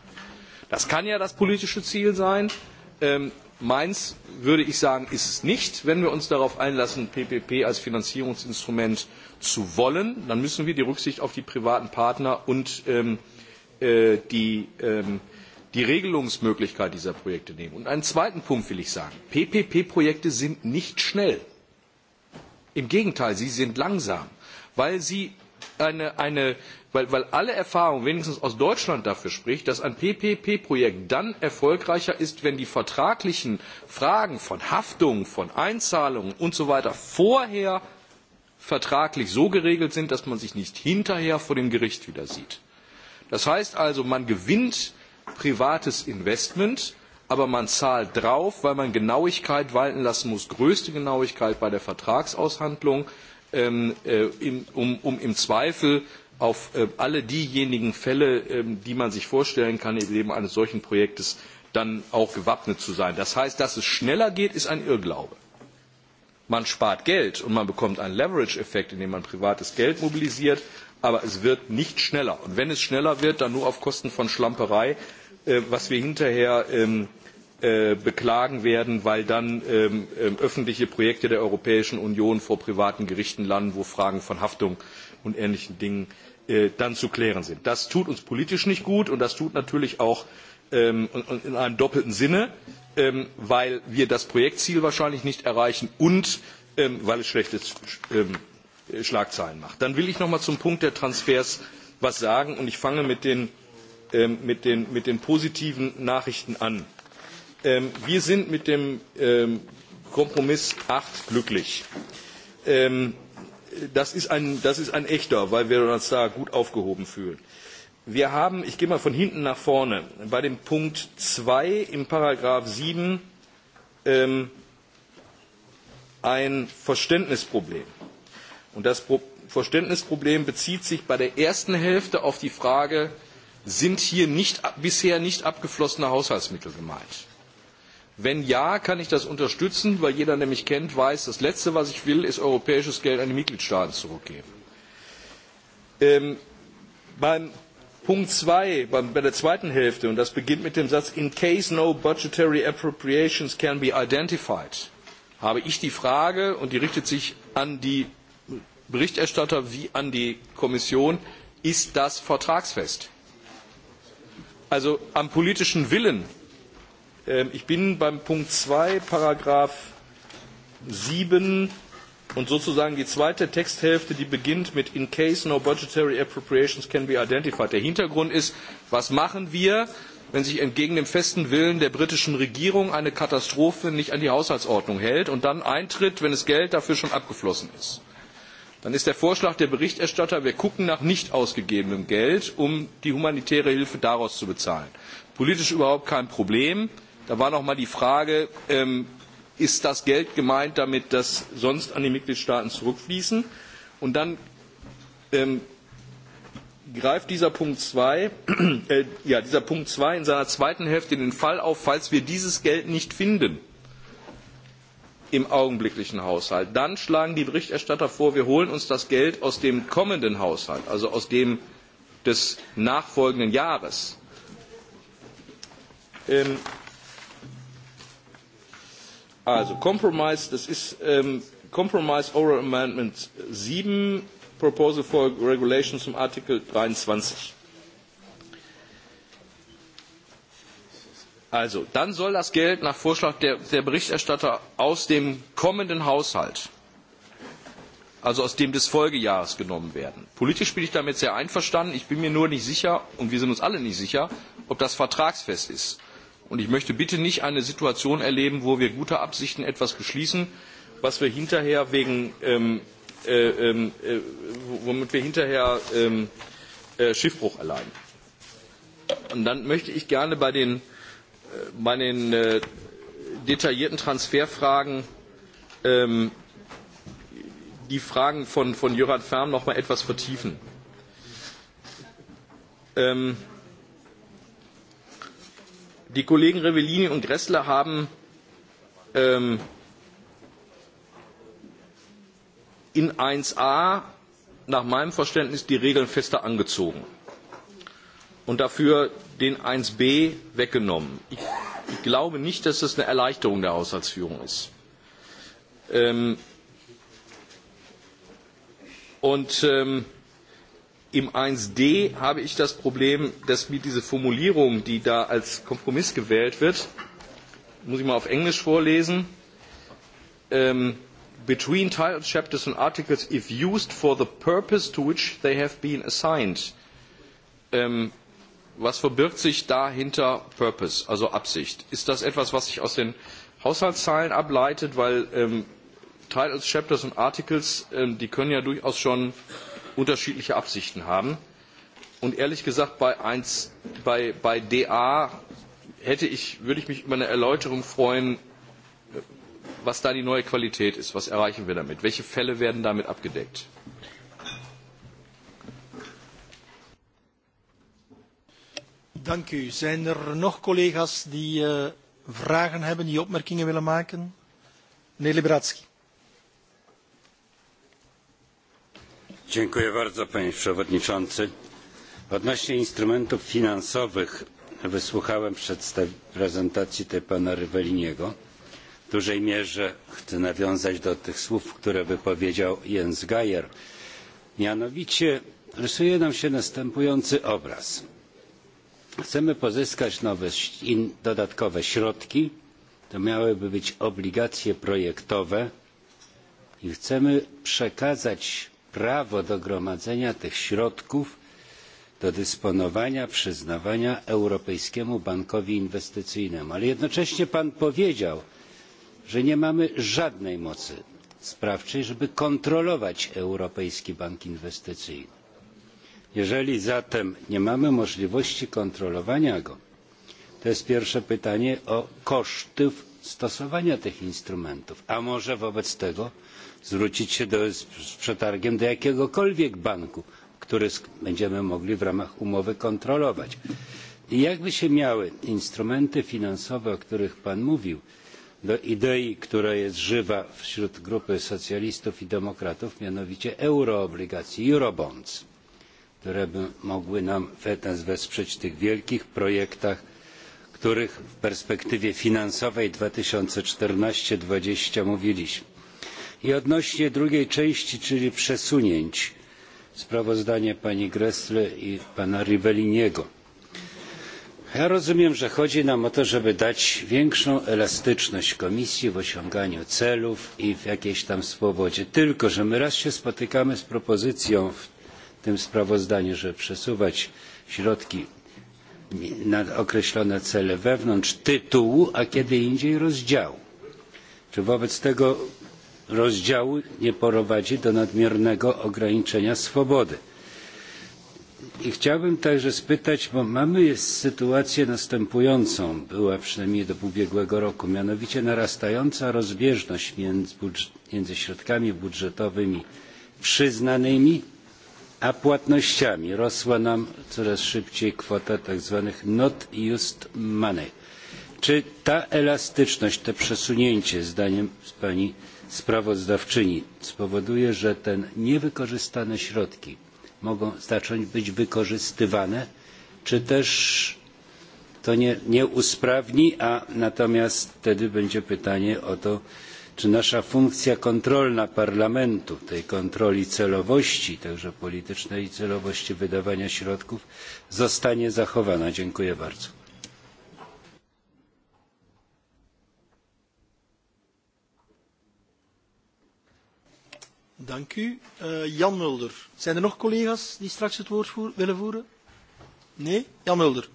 Das kann ja das politische Ziel sein. Ähm, meins würde ich sagen, ist es nicht. Wenn wir uns darauf einlassen, PPP als Finanzierungsinstrument zu wollen, dann müssen wir die Rücksicht auf die privaten Partner und ähm, äh, die, ähm, die Regelungsmöglichkeit dieser Projekte nehmen. Und einen zweiten Punkt will ich sagen. PPP-Projekte sind nicht schnell. Im Gegenteil, sie sind langsam, weil sie eine, eine weil, weil alle Erfahrung wenigstens aus Deutschland dafür spricht, dass ein PPP-Projekt dann erfolgreicher ist, wenn die vertraglichen Fragen von Haftung, von Einzahlungen und so weiter vorher vertraglich so geregelt sind, dass man sich nicht hinterher vor dem Gericht wieder sieht. Das heißt also, man gewinnt privates Investment, aber man zahlt drauf, weil man Genauigkeit walten lassen muss, größte Genauigkeit bei der Vertragsaushandlung. Ähm, äh, um, um im Zweifel auf äh, alle diejenigen Fälle, ähm, die man sich vorstellen kann, im Leben eines solchen Projektes dann auch gewappnet zu sein. Das heißt, dass es schneller geht, ist ein Irrglaube. Man spart Geld und man bekommt einen Leverage-Effekt, indem man privates Geld mobilisiert, aber es wird nicht schneller. Und wenn es schneller wird, dann nur auf Kosten von Schlamperei, äh, was wir hinterher ähm, Äh, beklagen werden, weil dann ähm, ähm, öffentliche Projekte der Europäischen Union vor privaten Gerichten landen, wo Fragen von Haftung und ähnlichen Dingen äh, dann zu klären sind. Das tut uns politisch nicht gut und das tut natürlich auch ähm, in einem doppelten Sinne, ähm, weil wir das Projektziel wahrscheinlich nicht erreichen und ähm, weil es schlechte ähm, Schlagzeilen macht. Dann will ich noch mal zum Punkt der Transfers was sagen und ich fange mit den, ähm, mit den, mit den positiven Nachrichten an ähm, wir sind mit dem ähm, Kompromiss 8 glücklich. Ähm, das, ist ein, das ist ein echter, weil wir uns da gut aufgehoben fühlen. Wir haben, ich gehe mal von hinten nach vorne, bei dem Punkt 2 im Paragraph 7 ähm, ein Verständnisproblem. Und das Pro Verständnisproblem bezieht sich bei der ersten Hälfte auf die Frage, sind hier nicht, bisher nicht abgeflossene Haushaltsmittel gemeint? Wenn ja, kann ich das unterstützen, weil jeder, der mich kennt, weiß, das Letzte, was ich will, ist europäisches Geld an die Mitgliedstaaten zurückgeben. Ähm, beim Punkt 2, bei, bei der zweiten Hälfte, und das beginnt mit dem Satz, in case no budgetary appropriations can be identified, habe ich die Frage, und die richtet sich an die Berichterstatter wie an die Kommission, ist das vertragsfest? Also am politischen Willen Ähm, ich bin beim Punkt 2, Paragraph 7 und sozusagen die zweite Texthälfte, die beginnt mit In case no budgetary appropriations can be identified. Der Hintergrund ist, was machen wir, wenn sich entgegen dem festen Willen der britischen Regierung eine Katastrophe nicht an die Haushaltsordnung hält und dann eintritt, wenn das Geld dafür schon abgeflossen ist. Dann ist der Vorschlag der Berichterstatter, wir gucken nach nicht ausgegebenem Geld, um die humanitäre Hilfe daraus zu bezahlen. Politisch überhaupt kein Problem da war noch einmal die Frage, ähm, ist das Geld gemeint damit, dass sonst an die Mitgliedstaaten zurückfließen? Und dann ähm, greift dieser Punkt 2 [CLEARS THROAT] äh, ja, dieser Punkt 2 in seiner zweiten Hälfte den Fall auf, falls wir dieses Geld nicht finden im augenblicklichen Haushalt, dann schlagen die Berichterstatter vor, wir holen uns das Geld aus dem kommenden Haushalt, also aus dem des nachfolgenden Jahres. Ähm, Also Kompromiss, das ist ähm, Kompromiss Oral Amendment 7, Proposal for Regulation zum Artikel 23. Also, dann soll das Geld nach Vorschlag der, der Berichterstatter aus dem kommenden Haushalt, also aus dem des Folgejahres genommen werden. Politisch bin ich damit sehr einverstanden. Ich bin mir nur nicht sicher, und wir sind uns alle nicht sicher, ob das vertragsfest ist. Und ich möchte bitte nicht eine Situation erleben, wo wir guter Absichten etwas beschließen, was wir hinterher wegen, ähm, äh, ähm, äh, womit wir hinterher ähm, äh, Schiffbruch erleiden. Und dann möchte ich gerne bei den, äh, bei den äh, detaillierten Transferfragen ähm, die Fragen von, von Jörg Färm noch mal etwas vertiefen. Ähm, Die Kollegen Revellini und Gressler haben ähm, in 1a nach meinem Verständnis die Regeln fester angezogen und dafür den 1b weggenommen. Ich, ich glaube nicht, dass das eine Erleichterung der Haushaltsführung ist. Ähm, und ähm, Im 1d habe ich das Problem, dass mir diese Formulierung, die da als Kompromiss gewählt wird, muss ich mal auf Englisch vorlesen, ähm, between titles, chapters and articles, if used for the purpose to which they have been assigned. Ähm, was verbirgt sich dahinter Purpose, also Absicht? Ist das etwas, was sich aus den Haushaltszahlen ableitet, weil ähm, titles, chapters und articles, ähm, die können ja durchaus schon unterschiedliche Absichten haben. Und ehrlich gesagt, bei, 1, bei, bei DA hätte ich, würde ich mich über eine Erläuterung freuen, was da die neue Qualität ist. Was erreichen wir damit? Welche Fälle werden damit abgedeckt? Danke. Sind er noch Kollegen, die Fragen eh, haben, die Opmerkungen willen maken? Meneer Liberatski. panie przewodniczący! odnośnie do instrumentów finansowych wysłuchałem prezentacji pana rivelliniego. w dużej mierze chcę nawiązać do tych słów które wypowiedział jens geier. mianowicie rysuje nam się następujący obraz chcemy pozyskać nowe dodatkowe środki to miałyby być obligacje projektowe i chcemy przekazać prawo do gromadzenia tych środków do dysponowania przyznawania europejskiemu bankowi inwestycyjnemu ale jednocześnie pan powiedział że nie mamy żadnej mocy sprawczej żeby kontrolować europejski bank inwestycyjny. jeżeli zatem nie mamy możliwości kontrolowania go to jest pierwsze pytanie o koszty stosowania tych instrumentów a może wobec tego zwrócić się z przetargiem do jakiegokolwiek banku który będziemy mogli w ramach umowy kontrolować. Jakby się miały instrumenty finansowe, o których Pan mówił, do idei, która jest żywa wśród grupy socjalistów i demokratów, mianowicie euroobligacji, eurobonds, które by mogły nam nas wesprzeć w tych wielkich projektach, których w perspektywie finansowej 2014-2020 mówiliśmy i odnośnie drugiej części czyli przesunięć sprawozdanie pani grle i pana rivelliniego ja rozumiem że chodzi nam o to żeby dać większą elastyczność komisji w osiąganiu celów i w jakiejś tam swobodzie tylko że my raz się spotykamy z propozycją w tym sprawozdaniu żeby przesuwać środki na określone cele wewnątrz tytułu a kiedy indziej rozdziału. czy wobec tego rozdziału nie prowadzi do nadmiernego ograniczenia swobody. I chciałbym także spytać, bo mamy sytuację następującą, była przynajmniej do ubiegłego roku, mianowicie narastająca rozbieżność między, między środkami budżetowymi przyznanymi a płatnościami. Rosła nam coraz szybciej kwota tzw. not used money. Czy ta elastyczność, to przesunięcie, zdaniem pani sprawozdawczyni spowoduje że te niewykorzystane środki mogą zacząć być wykorzystywane czy też to nie usprawni a natomiast wtedy będzie pytanie o to czy nasza funkcja kontrolna parlamentu tej kontroli celowości także politycznej celowości wydawania środków zostanie zachowana? dziękuję bardzo. Dank u. Uh, Jan Mulder. Zijn er nog collega's die straks het woord voer, willen voeren? Nee? Jan Mulder.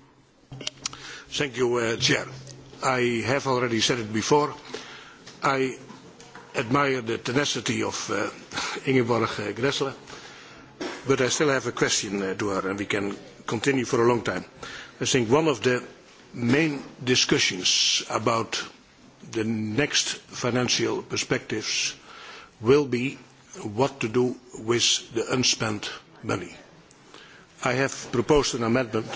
Thank you, uh, Chair. I have already said it before. I admire the tenacity of uh, Ingeborg uh, Gressler. But I still have a question uh, to her and we can continue for a long time. I think one of the main discussions about the next financial perspectives will be what to do with the unspent money. I have proposed an amendment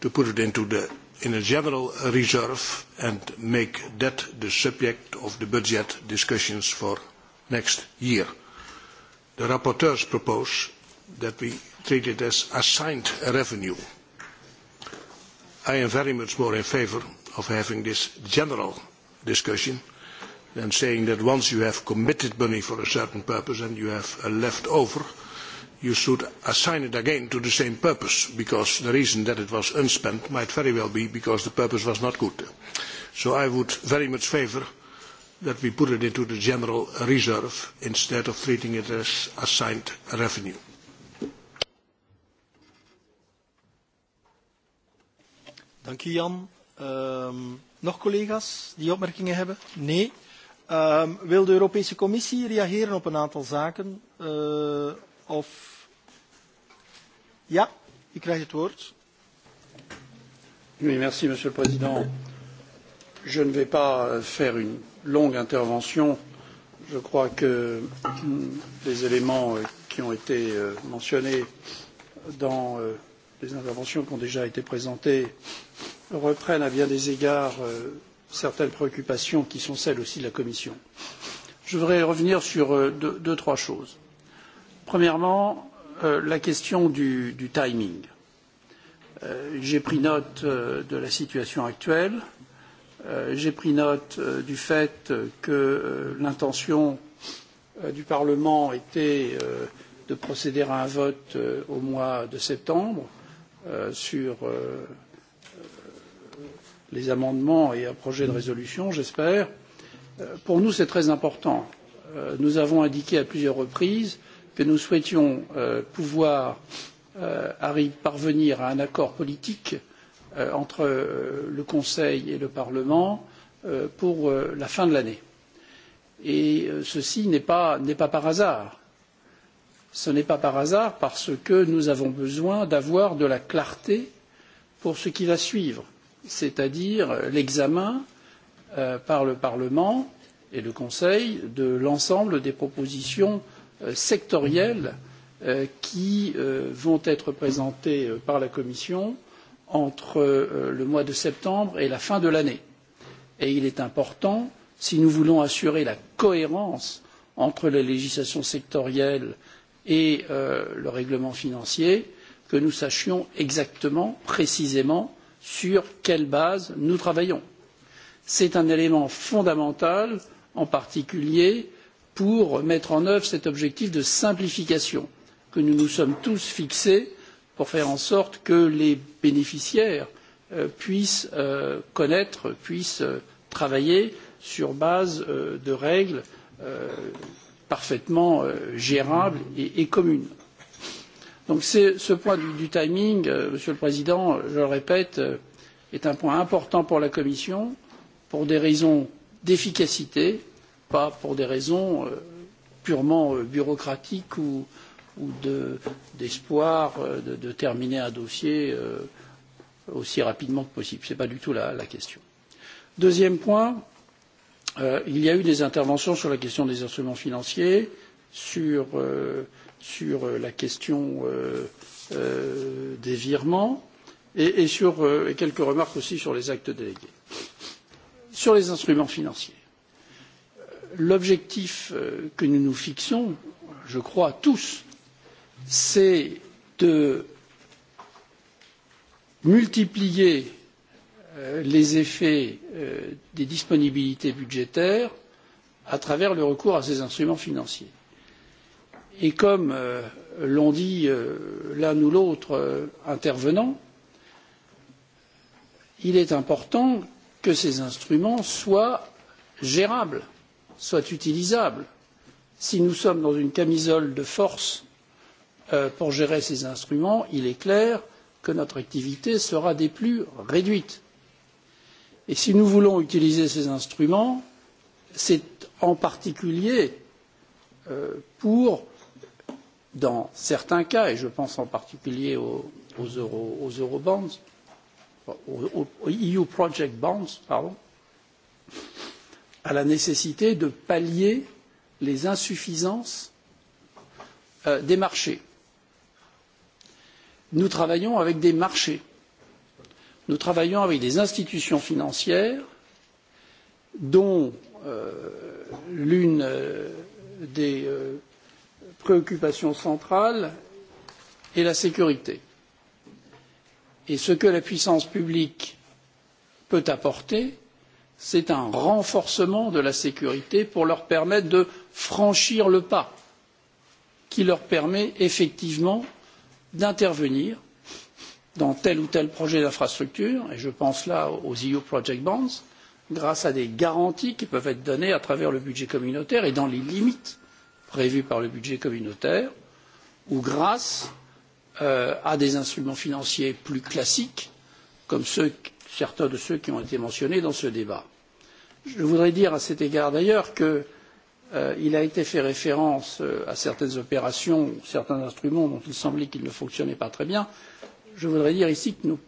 to put it into the, in a general reserve and make that the subject of the budget discussions for next year. The rapporteurs propose that we treat it as assigned revenue. I am very much more in favour of having this general discussion and saying that once you have committed money for a certain purpose and you have uh, left over, you should assign it again to the same purpose because the reason that it was unspent might very well be because the purpose was not good. So I would very much favour that we put it into the general reserve instead of treating it as assigned revenue. Thank you, Jan. Um, nog collega's die opmerkingen hebben? Nee. Um, wil de Europese Commissie reageren op een aantal zaken? Uh, of... Ja, u krijgt het woord. Oui, merci, monsieur le Président. Je ne vais pas euh, faire une longue intervention. Je crois que mm, les éléments euh, qui ont été euh, mentionnés dans les interventions qui ont déjà été présentées reprennent à bien des égards certaines préoccupations qui sont celles aussi de la Commission. Je voudrais revenir sur euh, deux, deux trois choses. Premièrement, euh, la question du, du timing. Euh, j'ai pris note euh, de la situation actuelle, euh, j'ai pris note euh, du fait euh, que euh, l'intention euh, du Parlement était euh, de procéder à un vote euh, au mois de septembre euh, sur euh, les amendements et un projet de résolution, j'espère. Euh, pour nous, c'est très important. Euh, nous avons indiqué à plusieurs reprises que nous souhaitions euh, pouvoir parvenir à un accord politique entre le Conseil et le Parlement pour la fin de l'année. Et ceci n'est pas, n'est pas par hasard. Ce n'est pas par hasard parce que nous avons besoin d'avoir de la clarté pour ce qui va suivre c'est-à-dire l'examen euh, par le Parlement et le Conseil de l'ensemble des propositions euh, sectorielles euh, qui vont être présentées par la Commission entre le mois de septembre et la fin de l'année. Et il est important, si nous voulons assurer la cohérence entre la législation sectorielle et euh, le règlement financier, que nous sachions exactement, précisément, euh, sur quelle base nous travaillons. C'est un élément fondamental, en particulier pour mettre en œuvre cet objectif de simplification que nous nous sommes tous fixés pour faire en sorte que les bénéficiaires euh, puissent euh, connaître, puissent euh, travailler sur base euh, de règles euh, parfaitement euh, gérables et, et communes. Donc ce point du, du timing, euh, Monsieur le Président, je le répète, euh, est un point important pour la Commission, pour des raisons d'efficacité, pas pour des raisons euh, purement euh, bureaucratiques ou, ou d'espoir de, euh, de, de terminer un dossier euh, aussi rapidement que possible. Ce n'est pas du tout la, la question. Deuxième point, euh, il y a eu des interventions sur la question des instruments financiers, sur euh, sur euh, la question euh, euh, des virements et, et sur euh, et quelques remarques aussi sur les actes délégués. Sur les instruments financiers, l'objectif euh, que nous nous fixons, je crois tous, c'est de multiplier euh, les effets des disponibilités budgétaires à travers le recours à ces instruments financiers. Et comme euh, l'ont dit euh, l'un ou l'autre euh, intervenant, il est important que ces instruments soient gérables, soient utilisables. Si nous sommes dans une camisole de force pour gérer ces instruments, il est clair que notre activité sera des plus réduites. Et si nous voulons utiliser ces instruments, c'est en particulier pour euh, dans certains cas, et je pense en particulier aux, aux, euro, aux eurobonds, aux, aux EU project bonds, pardon, à la nécessité de pallier les insuffisances euh, des marchés. Nous travaillons avec des marchés. Nous travaillons avec des institutions financières dont euh, l'une euh, des euh, préoccupation centrale est la sécurité. Et ce que la puissance publique peut apporter, c'est un renforcement de la sécurité pour leur permettre de franchir le pas qui leur permet effectivement d'intervenir dans tel ou tel projet d'infrastructure, et je pense là aux EU Project Bonds, grâce à des garanties qui peuvent être données à travers le budget communautaire et dans les limites prévus par le budget communautaire ou grâce euh, à des instruments financiers plus classiques, comme ceux, certains de ceux qui ont été mentionnés dans ce débat. Je voudrais dire à cet égard d'ailleurs qu'il euh, a été fait référence euh, à certaines opérations, certains instruments dont il semblait qu'ils ne fonctionnaient pas très bien. Je voudrais dire ici que nous,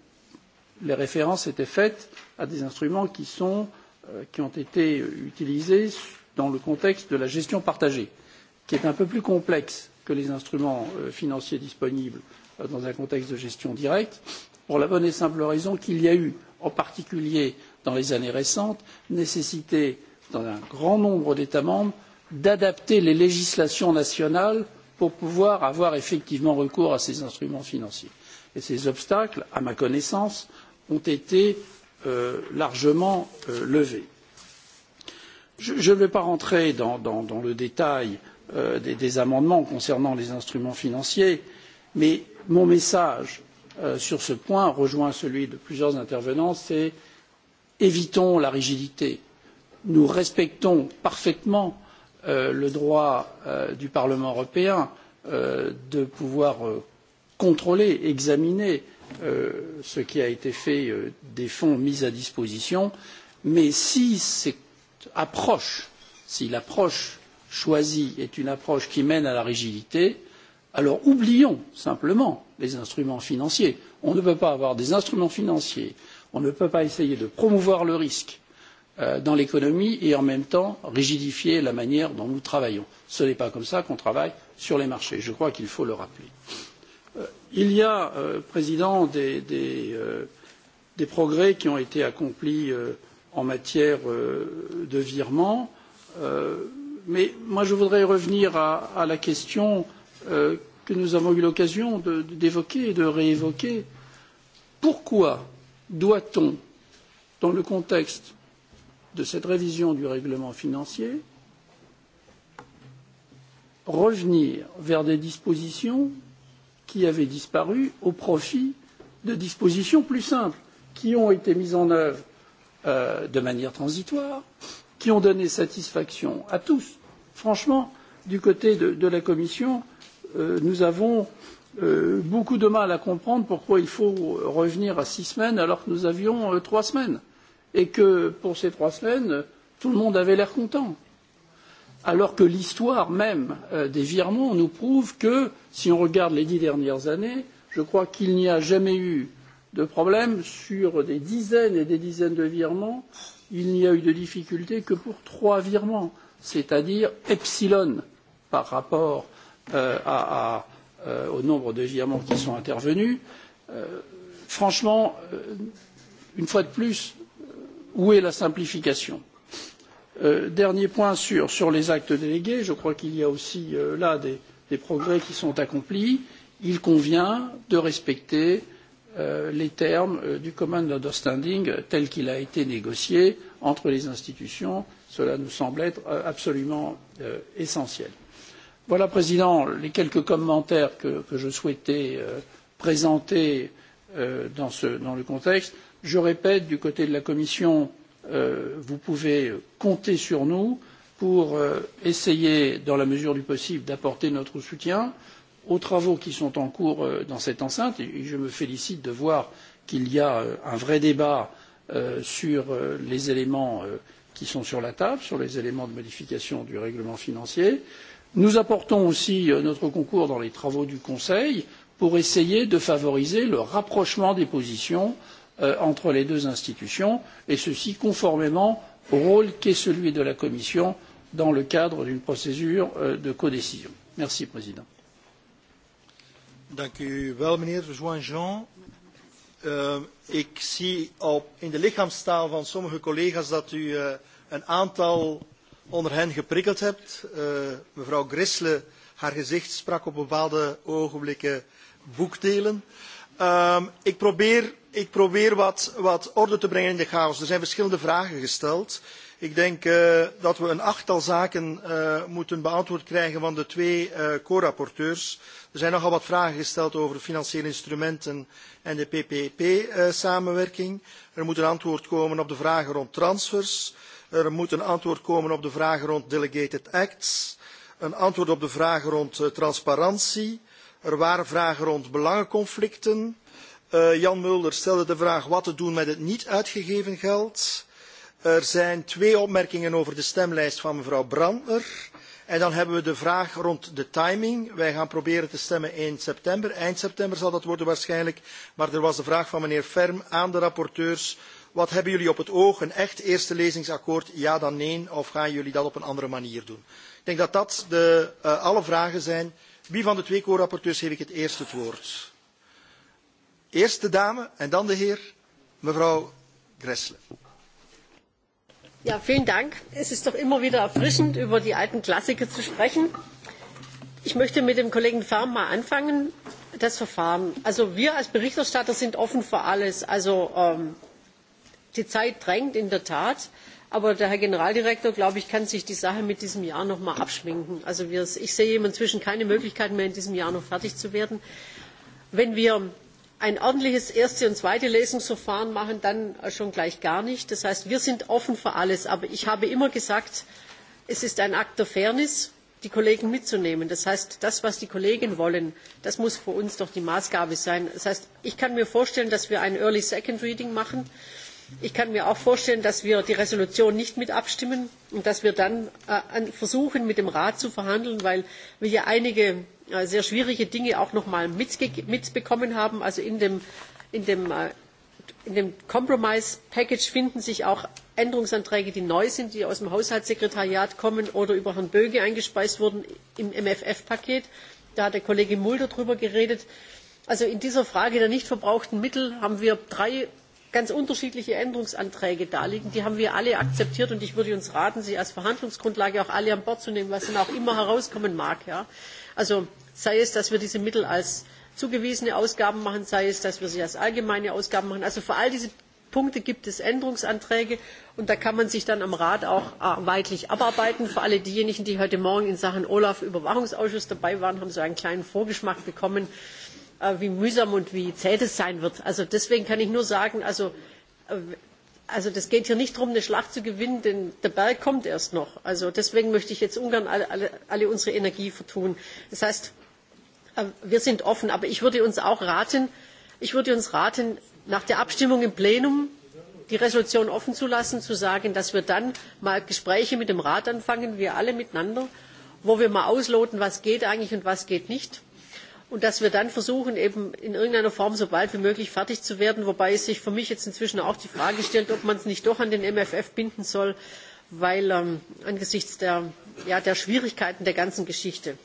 les références étaient faites à des instruments qui, sont, euh, qui ont été utilisés dans le contexte de la gestion partagée. Euh, qui est un peu plus complexe que les instruments euh, financiers disponibles euh, dans un contexte de gestion directe, pour la bonne et simple raison qu'il y a eu, en particulier dans les années récentes, nécessité dans un grand nombre d'États membres d'adapter les législations nationales pour pouvoir avoir effectivement recours à ces instruments financiers. Et ces obstacles, à ma connaissance, ont été euh, largement euh, levés. Je ne vais pas rentrer dans, dans, dans le détail euh, euh, des, des amendements concernant les instruments financiers, mais mon message euh, sur ce point rejoint celui de plusieurs intervenants, c'est évitons la rigidité. Nous respectons parfaitement euh, le droit euh, du Parlement européen euh, de pouvoir euh, contrôler, examiner euh, ce qui a été fait euh, des fonds mis à disposition, mais si cette approche, si l'approche euh, choisie est une approche qui mène à la rigidité, alors oublions simplement les instruments financiers. On ne peut pas avoir des instruments financiers, on ne peut pas essayer de promouvoir le risque euh, dans l'économie et en même temps rigidifier la manière dont nous travaillons. Ce n'est pas comme ça qu'on travaille sur les marchés, je crois qu'il faut le rappeler. Euh, il y a, euh, Président, des, des, des progrès qui ont été accomplis en matière de virement. Euh, mais moi je voudrais revenir à, à la question euh, que nous avons eu l'occasion d'évoquer et de réévoquer. Pourquoi doit-on, dans le contexte de cette révision du règlement financier, revenir vers des dispositions qui avaient disparu au profit de dispositions plus simples qui ont été mises en œuvre euh, de manière transitoire, qui ont donné satisfaction à tous. Franchement, du côté de, de la Commission, euh, nous avons euh, beaucoup de mal à comprendre pourquoi il faut euh, revenir à six semaines alors que nous avions euh, trois semaines et que pour ces trois semaines, tout le monde avait l'air content. Alors que l'histoire même euh, des virements nous prouve que, si on regarde les dix dernières années, je crois qu'il n'y a jamais eu de problème sur des dizaines et des dizaines de virements il n'y a eu de difficulté que pour trois virements, c'est-à-dire epsilon par rapport euh, à, à, euh, au nombre de virements qui sont intervenus. Euh, franchement, euh, une fois de plus, où est la simplification euh, Dernier point sur, sur les actes délégués, je crois qu'il y a aussi euh, là des, des progrès qui sont accomplis. Il convient de respecter euh, Euh, les termes euh, du Common Understanding tel qu'il a été négocié entre les institutions. Cela nous semble être euh, absolument essentiel. Voilà, Président, les quelques commentaires que, que je souhaitais présenter dans, ce, dans le contexte. Je répète, du côté de la Commission, vous pouvez compter sur nous pour essayer, dans la mesure du possible, d'apporter notre soutien aux travaux qui sont en cours euh, dans cette enceinte et je me félicite de voir qu'il y a euh, un vrai débat euh, sur les éléments qui sont sur la table, sur les éléments de modification du règlement financier. Nous apportons aussi notre concours dans les travaux du Conseil pour essayer de favoriser le rapprochement des positions entre les deux institutions et ceci conformément au rôle qu'est celui de la Commission dans le cadre d'une procédure de codécision. Merci, Président. Dank u wel, meneer Zouan-Jean. Uh, eh, ik zie op, in de lichaamstaal van sommige collega's dat u uh, een aantal onder hen geprikkeld hebt. Uh, mevrouw Grisle, haar gezicht sprak op bepaalde ogenblikken boekdelen. Uh, ik probeer, ik probeer wat, wat orde te brengen in de chaos. Er zijn verschillende vragen gesteld. Uh, Ik denk uh, dat we een achttal zaken uh, moeten beantwoord krijgen van de twee uh, co-rapporteurs. Er zijn nogal wat vragen gesteld over financiële instrumenten en de PPP-samenwerking. Uh, er moet een antwoord komen op de vragen rond transfers. Er moet een antwoord komen op de vragen rond delegated acts. Een antwoord op de vragen rond uh, transparantie. Er waren vragen rond belangenconflicten. Uh, Jan Mulder stelde de vraag wat te doen met het niet uitgegeven geld. Uh, Er zijn twee opmerkingen over de stemlijst van mevrouw Brandner. En dan hebben we de vraag rond de timing. Wij gaan proberen te stemmen in september. Eind september zal dat worden waarschijnlijk. Maar er was de vraag van meneer Ferm aan de rapporteurs. Wat hebben jullie op het oog? Een echt eerste lezingsakkoord? Ja dan nee? Of gaan jullie dat op een andere manier doen? Ik denk dat dat de, uh, alle vragen zijn. Wie van de twee co-rapporteurs geef ik het eerst het woord? Eerst de dame en dan de heer. Mevrouw Gressle. Ja, vielen Dank. Es ist doch immer wieder erfrischend, über die alten Klassiker zu sprechen. Ich möchte mit dem Kollegen Färm mal anfangen. Das Verfahren. Also wir als Berichterstatter sind offen für alles. Also ähm, die Zeit drängt in der Tat. Aber der Herr Generaldirektor, glaube ich, kann sich die Sache mit diesem Jahr noch mal abschminken. Also wir, ich sehe inzwischen keine Möglichkeit mehr, in diesem Jahr noch fertig zu werden. Wenn wir ein ordentliches erste und zweite lesungsverfahren machen dann schon gleich gar nicht. das heißt wir sind offen für alles. aber ich habe immer gesagt es ist ein akt der fairness die kollegen mitzunehmen. das heißt das was die kollegen wollen das muss für uns doch die maßgabe sein. das heißt ich kann mir vorstellen dass wir ein early second reading machen. ich kann mir auch vorstellen dass wir die entschließung nicht mit abstimmen und dass wir dann äh, versuchen mit dem rat zu verhandeln weil wir ja einige Äh, sehr schwierige dinge auch noch einmal mitbekommen haben. in dem kompromiss äh, package finden sich auch änderungsanträge die neu sind die aus dem haushaltssekretariat kommen oder über herrn böge eingespeist wurden im mfr paket. da hat der kollege mulder darüber geredet. also in dieser frage der nicht verbrauchten mittel haben wir drei ganz unterschiedliche änderungsanträge vorliegen. die haben wir alle akzeptiert und ich würde uns raten sie als verhandlungsgrundlage auch alle an bord zu nehmen was dann auch immer herauskommen mag. Ja sei es dass wir diese mittel als zugewiesene ausgaben machen sei es dass wir sie als allgemeine ausgaben machen. also für all diese punkte gibt es änderungsanträge und da kann man sich dann am rat auch äh, weidlich abarbeiten. für alle diejenigen die heute morgen in sachen olaf überwachungsausschuss dabei waren haben sie einen kleinen vorgeschmack bekommen äh, wie mühsam und wie zäh das sein wird. deswegen kann ich nur sagen es also äh, geht hier nicht darum eine schlacht zu gewinnen denn der berg kommt erst noch. also deswegen möchte ich jetzt ungarn alle unsere energie vertun. Äh, wir sind offen aber ich würde uns auch raten nach der abstimmung im plenum die entschließung offen zu lassen und zu sagen dass wir dann mal gespräche mit dem rat anfangen wir alle miteinander wo wir mal ausloten was eigentlich geht und was nicht und dass wir dann versuchen eben in irgendeiner form so bald wie möglich fertig zu werden wobei sich für mich jetzt inzwischen auch die frage stellt ob man es nicht doch an den mfr binden soll ähm, angesichts ja, der schwierigkeiten der ganzen geschichte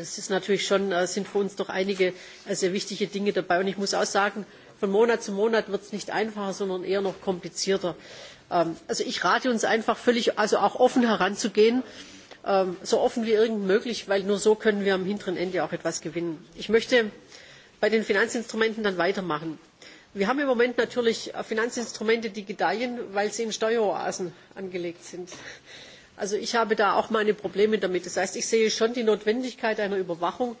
es sind natürlich schon äh, sind für uns doch einige äh, sehr wichtige Dinge dabei. Und ich muss auch sagen, von Monat zu Monat wird es nicht einfacher, sondern eher noch komplizierter. Ähm, also ich rate uns einfach völlig, also auch offen heranzugehen, ähm, so offen wie irgend möglich, weil nur so können wir am hinteren Ende auch etwas gewinnen. Ich möchte bei den Finanzinstrumenten dann weitermachen. Wir haben im Moment natürlich äh, Finanzinstrumente, die gedeihen, weil sie in Steueroasen angelegt sind. Also ich habe da auch meine Probleme damit. Das heißt, ich sehe schon die Notwendigkeit einer Überwachung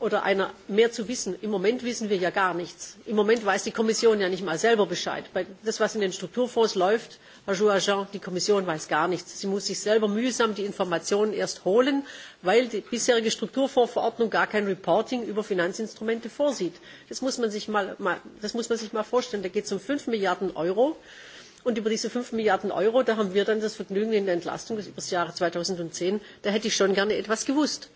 oder einer mehr zu wissen. Im Moment wissen wir ja gar nichts. Im Moment weiß die Kommission ja nicht mal selber Bescheid. Bei das, was in den Strukturfonds läuft, Herr Jouagin, die Kommission weiß gar nichts. Sie muss sich selber mühsam die Informationen erst holen, weil die bisherige Strukturfondsverordnung gar kein Reporting über Finanzinstrumente vorsieht. Das muss man sich mal, mal, das muss man sich mal vorstellen. Da geht es um 5 Milliarden Euro. Und über diese 5 Milliarden Euro, da haben wir dann das Vergnügen in der Entlastung über das Jahr 2010, da hätte ich schon gerne etwas gewusst.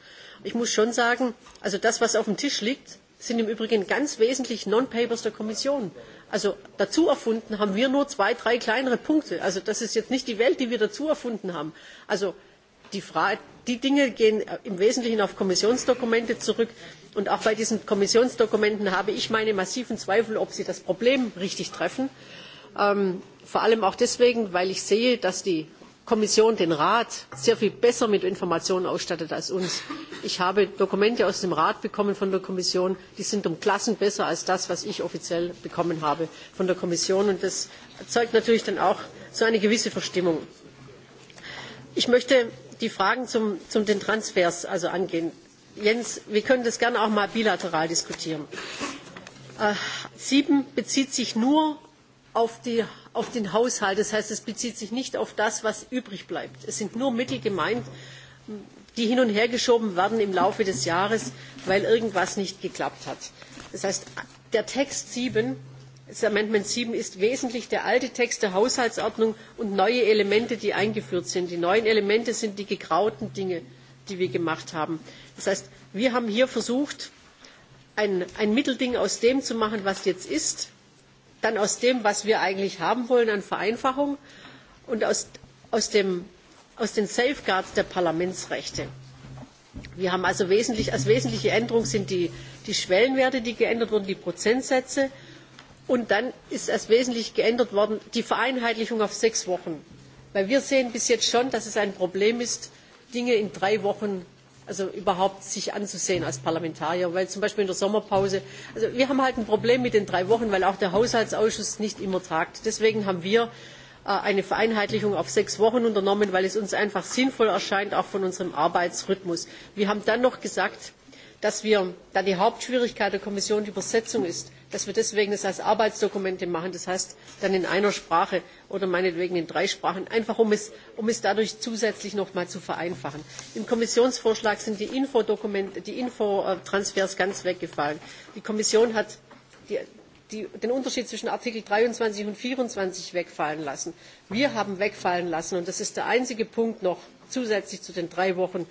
Ich muss schon sagen, also das, was auf dem Tisch liegt, sind im Übrigen ganz wesentlich Non-Papers der Kommission. Also dazu erfunden haben wir nur zwei, drei kleinere Punkte. Also das ist jetzt nicht die Welt, die wir dazu erfunden haben. Also die, Frage, die Dinge gehen im Wesentlichen auf Kommissionsdokumente zurück. Und auch bei diesen Kommissionsdokumenten habe ich meine massiven Zweifel, ob sie das Problem richtig treffen. Ähm, vor allem auch deswegen weil ich sehe dass die kommission den rat sehr viel besser mit informationen ausstattet als uns. ich habe dokumente aus dem rat von der kommission bekommen die sind um klassen besser als das was ich offiziell von der kommission bekommen habe. das erzeugt natürlich dann auch so eine gewisse verstimmung. ich möchte die fragen zu den transfers also angehen. jens wir können das gerne auch einmal bilateral diskutieren. ziffer äh, sieben bezieht sich auf, die, auf den Haushalt. Das heißt, es bezieht sich nicht auf das, was übrig bleibt. Es sind nur Mittel gemeint, die hin und her geschoben werden im Laufe des Jahres, weil irgendwas nicht geklappt hat. Das heißt, der Text 7, das Amendment 7, ist wesentlich der alte Text der Haushaltsordnung und neue Elemente, die eingeführt sind. Die neuen Elemente sind die gegrauten Dinge, die wir gemacht haben. Das heißt, wir haben hier versucht, ein, ein Mittelding aus dem zu machen, was jetzt ist, dann aus dem, was wir eigentlich haben wollen an Vereinfachung und aus, aus, dem, aus den Safeguards der Parlamentsrechte. Wir haben also wesentlich, als wesentliche Änderung sind die, die Schwellenwerte, die geändert wurden, die Prozentsätze. Und dann ist als wesentlich geändert worden die Vereinheitlichung auf sechs Wochen. Weil wir sehen bis jetzt schon, dass es ein Problem ist, Dinge in drei Wochen sich überhaupt anzusehen als Parlamentarier. Weil zum Beispiel in der Sommerpause, also wir haben halt ein Problem mit den drei Wochen, weil auch der Haushaltsausschuss nicht immer tragt. Deswegen haben wir äh, eine Vereinheitlichung auf sechs Wochen unternommen, weil es uns einfach sinnvoll erscheint, auch von unserem Arbeitsrhythmus. Wir haben dann noch gesagt, dass wir, da die Hauptschwierigkeit der Kommission die Übersetzung ist, dass wir deswegen das als Arbeitsdokumente machen, das heißt dann in einer Sprache oder meinetwegen in drei Sprachen, einfach um es, um es dadurch zusätzlich noch mal zu vereinfachen. Im Kommissionsvorschlag sind die Infodokumente, die Infotransfers ganz weggefallen. Die Kommission hat die, die, den Unterschied zwischen Artikel 23 und 24 wegfallen lassen. Wir haben wegfallen lassen, und das ist der einzige Punkt noch zusätzlich zu den drei Wochen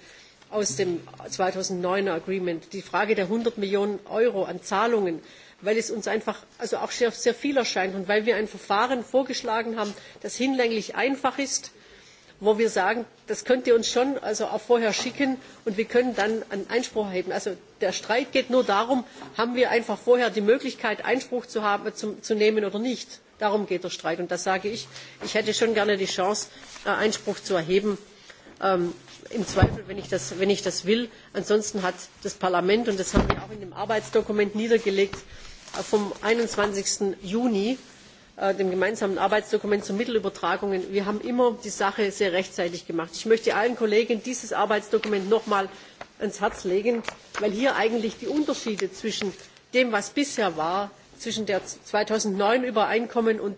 aus dem 2009er Agreement, die Frage der 100 Millionen Euro an Zahlungen weil es uns einfach also auch sehr, sehr viel erscheint und weil wir ein Verfahren vorgeschlagen haben, das hinlänglich einfach ist, wo wir sagen, das könnt ihr uns schon also auch vorher schicken und wir können dann einen Einspruch erheben. Also der Streit geht nur darum, haben wir einfach vorher die Möglichkeit, Einspruch zu, haben, zu, zu nehmen oder nicht. Darum geht der Streit und das sage ich. Ich hätte schon gerne die Chance, äh, Einspruch zu erheben. Ähm, Im Zweifel, wenn ich, das, wenn ich das will. Ansonsten hat das Parlament und das haben wir auch in dem arbeitsdokument niedergelegt äh, vom. einundzwanzig juni äh, dem gemeinsamen arbeitsdokument zu mittelübertragungen wir haben immer die sache sehr rechtzeitig gemacht. ich möchte allen kollegen dieses arbeitsdokument noch einmal ans herz legen weil hier eigentlich die unterschiede zwischen dem was bisher war zwischen dem zweitausendneun übereinkommen und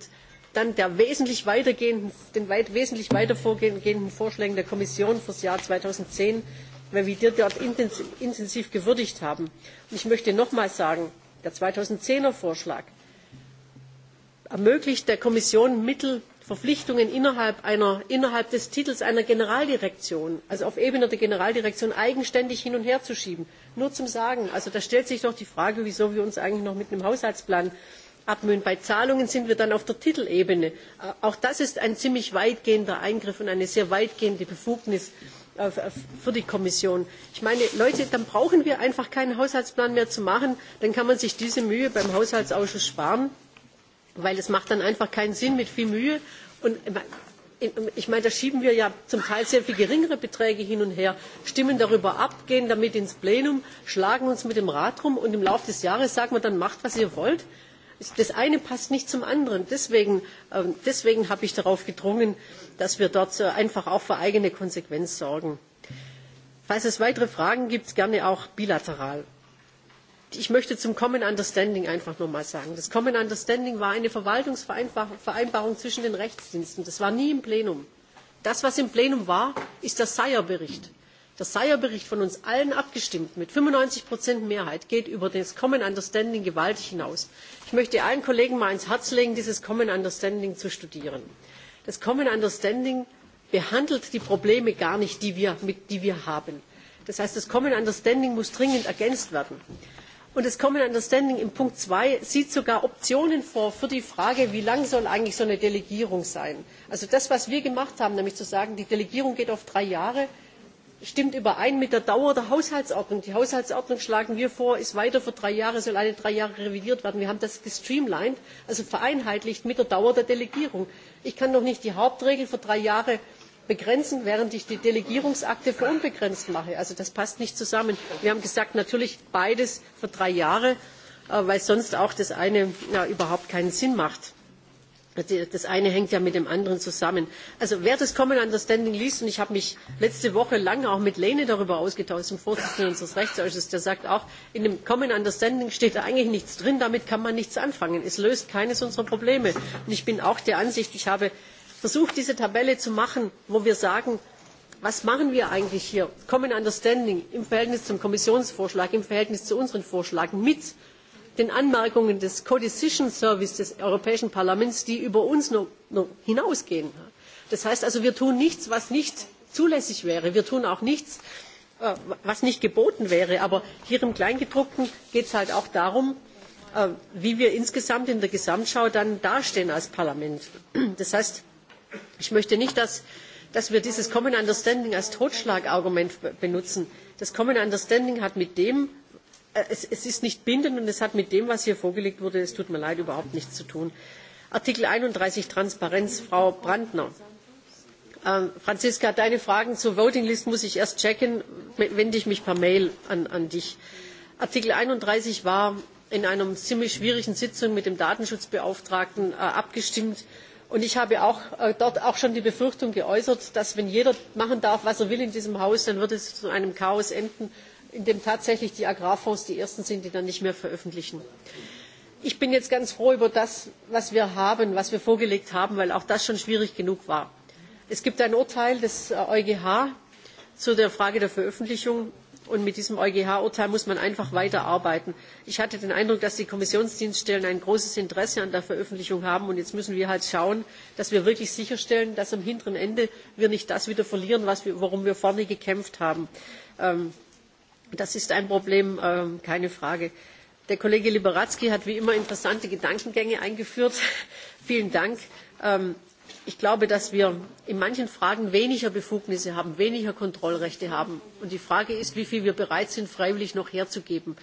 dann den wesentlich weiter vorgehenden vorschlägen der kommission für das jahr zweitausendzehn weil wir die dort intensiv gewürdigt haben. Und ich möchte nochmals sagen, der 2010er Vorschlag ermöglicht der Kommission Mittel, Verpflichtungen innerhalb, einer, innerhalb des Titels einer Generaldirektion, also auf Ebene der Generaldirektion, eigenständig hin und her zu schieben. Nur zum Sagen, also da stellt sich doch die Frage, wieso wir uns eigentlich noch mit einem Haushaltsplan abmühen. Bei Zahlungen sind wir dann auf der Titelebene. Äh, auch das ist ein ziemlich weitgehender Eingriff und eine sehr weitgehende Befugnis, Äh, für die Kommission. Ich meine, Leute, dann brauchen wir einfach keinen Haushaltsplan mehr zu machen. Dann kann man sich diese Mühe beim Haushaltsausschuss sparen, weil es macht dann einfach keinen Sinn mit viel Mühe. Und äh, ähm, ich meine, da schieben wir ja zum Teil sehr viel geringere Beträge hin und her, stimmen darüber ab, gehen damit ins Plenum, schlagen uns mit dem Rat rum und im Laufe des Jahres sagen wir dann, macht, was ihr wollt das eine passt nicht zum anderen. Deswegen, ähm, deswegen habe ich darauf gedrungen, dass wir dort einfach auch für eigene Konsequenz sorgen. Falls es weitere Fragen gibt, gerne auch bilateral. Ich möchte zum Common Understanding einfach nur mal sagen. Das Common Understanding war eine Verwaltungsvereinbarung zwischen den Rechtsdiensten. Das war nie im Plenum. Das, was im Plenum war, ist der Seyer-Bericht. Der Seyer-Bericht von uns allen abgestimmt mit 95 Prozent Mehrheit geht über das Common Understanding gewaltig hinaus ich möchte allen kollegen ans herz legen dieses common understanding zu studieren. das common understanding behandelt die probleme gar nicht die wir haben. das heißt das common understanding muss dringend ergänzt werden. und das common understanding in punkt zwei sieht sogar optionen vor für die frage wie lang soll eigentlich so eine delegierung sein? also das was wir gemacht haben nämlich zu sagen die delegierung geht auf drei jahre stimmt überein mit der dauer der haushaltsordnung. die haushaltsordnung schlagen wir vor ist weiter für drei jahre soll alle drei jahre revidiert werden. wir haben das gestreamlined also vereinheitlicht mit der dauer der delegierung. ich kann doch nicht die hauptregel für drei jahre begrenzen während ich die delegierungsakte für unbegrenzt mache. also das passt nicht zusammen. wir haben gesagt natürlich beides für drei jahre äh, weil sonst auch das eine ja, überhaupt keinen sinn Das eine hängt ja mit dem anderen zusammen. Also wer das Common Understanding liest, und ich habe mich letzte Woche lang auch mit Lene darüber ausgetauscht, dem Vorsitzenden unseres Rechtsausschusses, der sagt auch, in dem Common Understanding steht eigentlich nichts drin, damit kann man nichts anfangen. Es löst keines unserer Probleme. Und ich bin auch der Ansicht, ich habe versucht, diese Tabelle zu machen, wo wir sagen, was machen wir eigentlich hier? Common Understanding im Verhältnis zum Kommissionsvorschlag, im Verhältnis zu unseren Vorschlägen mit den anmerkungen des ko decision service des europäischen parlaments die über uns hinausgehen. das heißt also wir tun nichts was nicht zulässig wäre wir tun auch nichts äh, was nicht geboten wäre. aber hier im kleingedruckten geht es halt auch darum äh, wie wir insgesamt in der gesamtschau dann dastehen als parlament. das heißt ich möchte nicht dass wir dieses common understanding als totschlagargument benutzen. das common understanding hat mit Äh, es ist nicht bindend und es hat mit dem was hier vorgelegt wurde es tut mir leid überhaupt nichts zu tun. artikel einunddreißig transparenz frau brantner ähm, franziska deine fragen zur voting list muss ich erst checken wende ich mich per mail an dich. artikel einunddreißig war in einer ziemlich schwierigen sitzung mit dem datenschutzbeauftragten äh, abgestimmt und ich habe auch äh, dort schon die befürchtung geäußert dass wenn jeder machen darf was er will in diesem haus dann wird es zu einem chaos enden in dem tatsächlich die agrarfonds die ersten sind die dann nicht mehr veröffentlichen. ich bin jetzt ganz froh über das was wir haben was wir vorgelegt haben weil auch das schon schwierig genug war. es gibt ein urteil des äh, eugh zu der frage der veröffentlichung und mit diesem eugh urteil muss man einfach weiterarbeiten. ich hatte den eindruck dass die kommissionsdienststellen ein großes interesse an der veröffentlichung haben und jetzt müssen wir halt schauen dass wir wirklich sicherstellen dass wir am hinteren ende nicht das wieder verlieren worum wir vorne gekämpft haben. Ähm, das ist ein problem ähm, keine frage. der kollege liberadzki hat wie immer interessante gedankengänge eingeführt [LAUGHS] vielen dank! Ähm, ich glaube dass wir in manchen fragen weniger befugnisse haben weniger kontrollrechte haben und die frage ist wie viel wir bereit sind freiwillig noch herzugeben.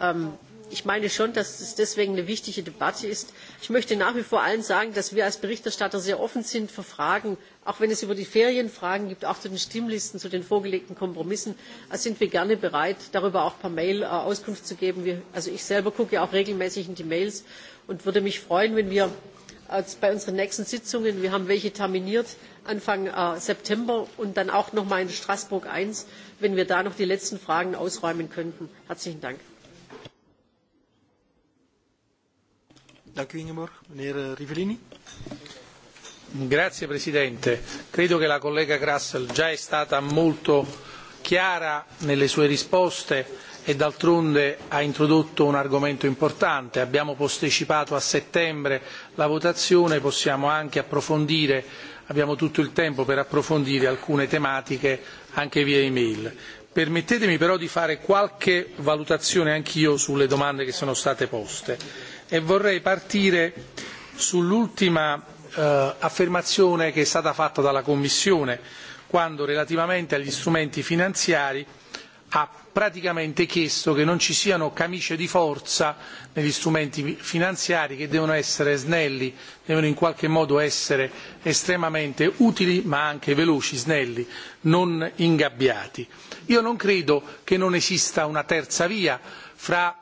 Ähm, ich meine schon dass es deswegen eine wichtige debatte ist. ich möchte nach wie vor allen sagen dass wir als berichterstatter sehr offen sind für fragen auch wenn es über die ferien fragen gibt auch zu den stimmlisten zu den vorgelegten kompromissen sind wir gerne bereit darüber auch per mail äh, auskunft zu geben. ich selber schaue ja auch regelmäßig in die mails und würde mich freuen wenn wir äh, bei unseren nächsten sitzungen wir haben welche terminiert anfang äh, september und dann auch noch einmal in straßburg i noch die letzten fragen ausräumen könnten. herzlichen dank! Dank u, Ingeborg. Meneer eh, Rivellini. Grazie Presidente. Credo che la collega Grassel già è stata molto chiara nelle sue risposte e d'altronde ha introdotto un argomento importante. Abbiamo posticipato a settembre la votazione, possiamo anche approfondire, abbiamo tutto il tempo per approfondire alcune tematiche anche via email. Permettetemi però di fare qualche valutazione anch'io sulle domande che sono state poste e vorrei partire sull'ultima eh, affermazione che è stata fatta dalla Commissione quando relativamente agli strumenti finanziari ha praticamente chiesto che non ci siano camicie di forza negli strumenti finanziari che devono essere snelli, devono in qualche modo essere estremamente utili ma anche veloci, snelli, non ingabbiati. Io non credo che non esista una terza via fra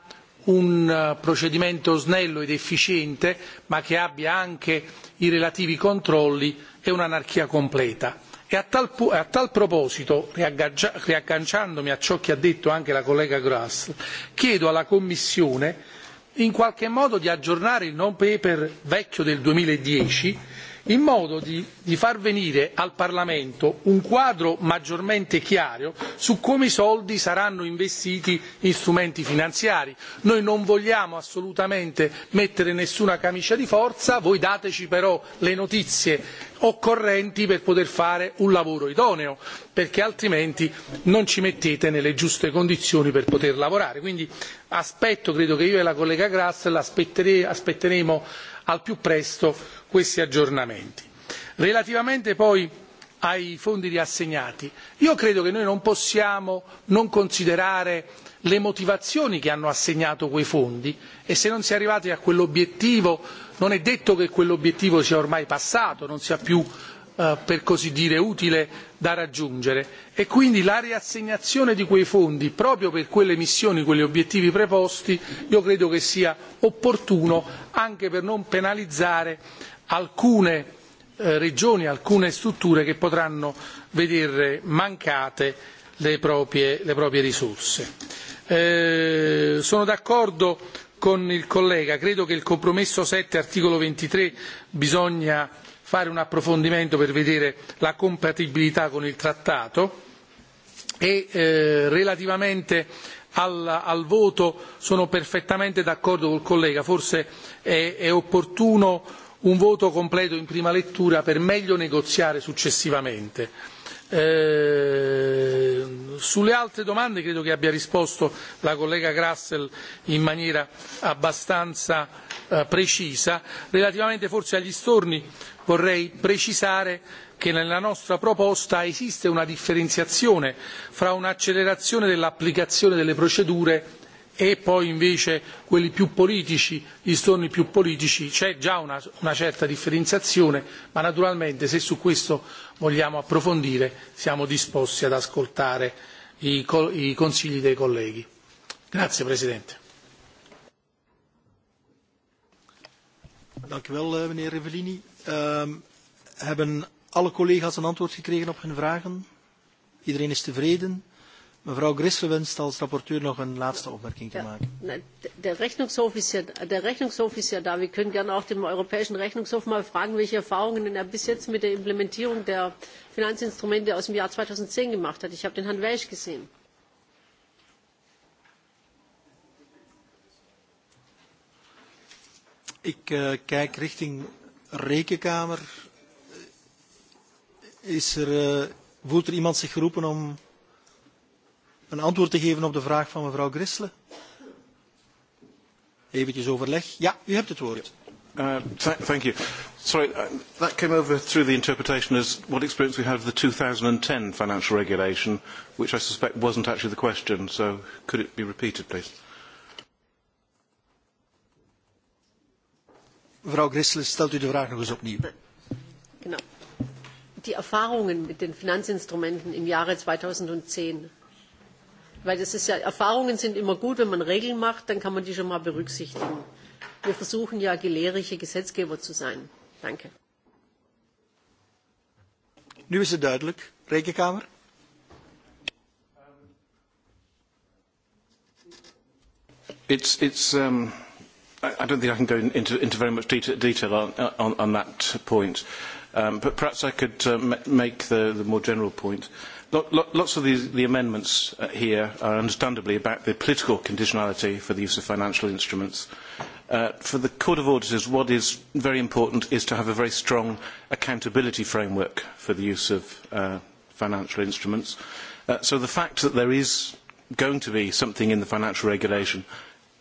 un eh, procedimento snello ed efficiente ma che abbia anche i relativi controlli e un'anarchia completa. E a, tal, a tal proposito, riagganciandomi a ciò che ha detto anche la collega Grass, chiedo alla Commissione in qualche modo di aggiornare il non paper vecchio del 2010 in modo da far venire al parlamento un quadro maggiormente chiaro su come i soldi saranno investiti in strumenti finanziari. noi non vogliamo assolutamente mettere nessuna camicia di forza voi dateci però le notizie occorrenti per poter fare un lavoro idoneo perché altrimenti non ci mettete nelle giuste condizioni per poter lavorare. quindi aspetto credo che io e la collega grassl aspetteremo al più presto questi aggiornamenti. relativamente poi ai fondi riassegnati io credo che noi non possiamo non considerare le motivazioni che hanno assegnato quei fondi e se non si è arrivati a quell'obiettivo non è detto che quell'obiettivo sia ormai passato non sia più eh, per così dire utile da raggiungere e quindi la riassegnazione di quei fondi proprio per quelle missioni, quegli obiettivi preposti, io credo che sia opportuno anche per non penalizzare alcune eh, regioni alcune strutture che potranno veder mancate le proprie risorse. Eh, sono d'accordo con il collega credo che sul compromesso sette articolo ventitré bisogna fare un approfondimento per vedere la compatibilità con il trattato e eh, relativamente al, al voto sono perfettamente d'accordo col collega forse è, è opportuno un voto completo in prima lettura per meglio negoziare successivamente. Eh, sulle altre domande credo che abbia risposto la collega Grassel in maniera abbastanza eh, precisa. Relativamente forse agli storni vorrei precisare che nella nostra proposta esiste una differenziazione fra un'accelerazione dell'applicazione delle procedure e poi invece quelli più politici gli storni più politici c'è già una, una certa differenziazione ma naturalmente se su questo vogliamo approfondire siamo disposti ad ascoltare i, i consigli dei colleghi grazie presidente dank u wel eh, meneer Rivellini um, hebben alle collega's een antwoord gekregen op hun vragen iedereen is tevreden Mevrouw Grissel wenst als rapporteur nog een laatste ja, opmerking te ja. maken. Ja- de Rechnungshof is ja daar. We kunnen gerne ook de Europese Rechnungshof mal vragen welke ervaringen er bis jetzt met de implementering der financiënstrumenten uit het jaar 2010 gemaakt heeft. Ik heb den Herrn Welsch gezien. Ik uh, kijk richting rekenkamer. Is er, uh, eh, voelt er iemand zich geroepen om een antwoord te geven op de vraag van mevrouw Grisselen? Eventjes overleg. Ja, u hebt het woord. Uh, th thank you. Sorry, uh, that came over through the interpretation as what experience we had of the 2010 financial regulation, which I suspect wasn't actually the question. So could it be repeated, please? Mevrouw Grisselen, stelt u de vraag nog eens opnieuw. Genau. Die Erfahrungen mit den Finanzinstrumenten im Jahre 2010, weil das ist ja erfahrungen sind immer gut wenn man regeln macht dann kann man die schon mal berücksichtigen. wir versuchen ja gelehrige gesetzgeber zu sein. danke. nu is het duidelijk rekenkamer. it's it's um I don't think I can go into, into very much detail, detail on, on, on that point, um, but perhaps I could uh, make the, the more general point. Uh, Lots of these, the amendments uh, here are understandably about the political conditionality for the use of financial instruments. Uh, for the Court of Auditors, what is very important is to have a very strong accountability framework for the use of uh, financial instruments. Uh, so the fact that there is going to be something in the financial regulation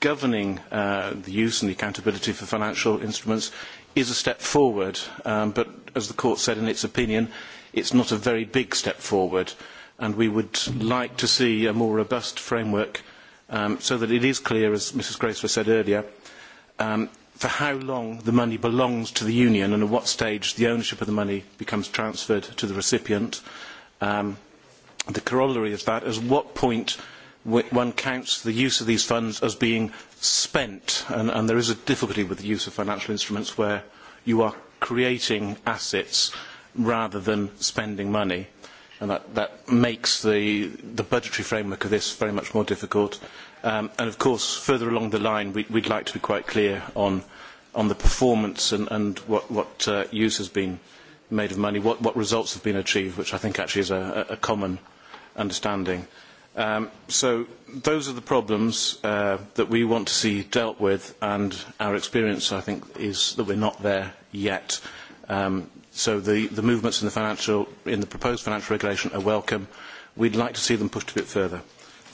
governing uh, the use and the accountability for financial instruments is a step forward, um, but as the Court said in its opinion, it's not a very big step forward and we would like to see a more robust framework um, so that it is clear, as Mrs Graceful said earlier, um, for how long the money belongs to the union and at what stage the ownership of the money becomes transferred to the recipient. Um, the corollary of that is what point one counts the use of these funds as being spent and, and there is a difficulty with the use of financial instruments where you are creating assets uh, rather than spending money. And that, that makes the, the budgetary framework of this very much more difficult. Um, and of course, further along the line, we'd, we'd like to be quite clear on, on the performance and, and what, what uh, use has been made of money, what, what results have been achieved, which I think actually is a, a common understanding. Um, so those are the problems uh, that we want to see dealt with, and our experience, I think, is that we're not there yet. Um, so the, the movements in the, financial, in the proposed financial regulation are welcome. We'd like to see them pushed a bit further.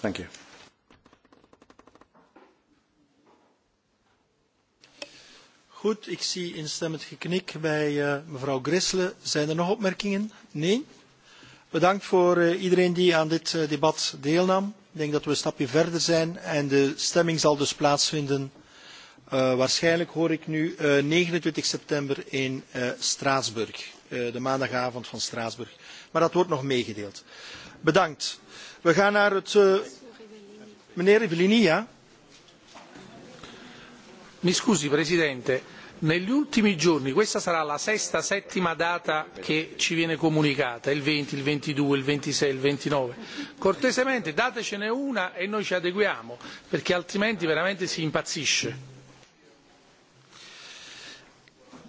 Thank you. Goed, ik zie instemmend geknik bij uh, mevrouw Grisle. Zijn er nog opmerkingen? Nee? Bedankt voor uh, iedereen die aan dit uh, debat deelnam. Ik denk dat we een stapje verder zijn en de stemming zal dus plaatsvinden... Uh, waarschijnlijk hoor ik nu uh, eh, 29 september in uh, Straatsburg, uh, de maandagavond van Straatsburg. Maar dat wordt nog meegedeeld. Bedankt. We gaan naar het... Uh, meneer Evelini, ja? Mi scusi, presidente. Negli ultimi giorni, questa sarà la sesta, settima data che ci viene comunicata, il 20, il 22, il 26, il 29. Cortesemente, datecene una e noi ci adeguiamo, perché altrimenti veramente si impazzisce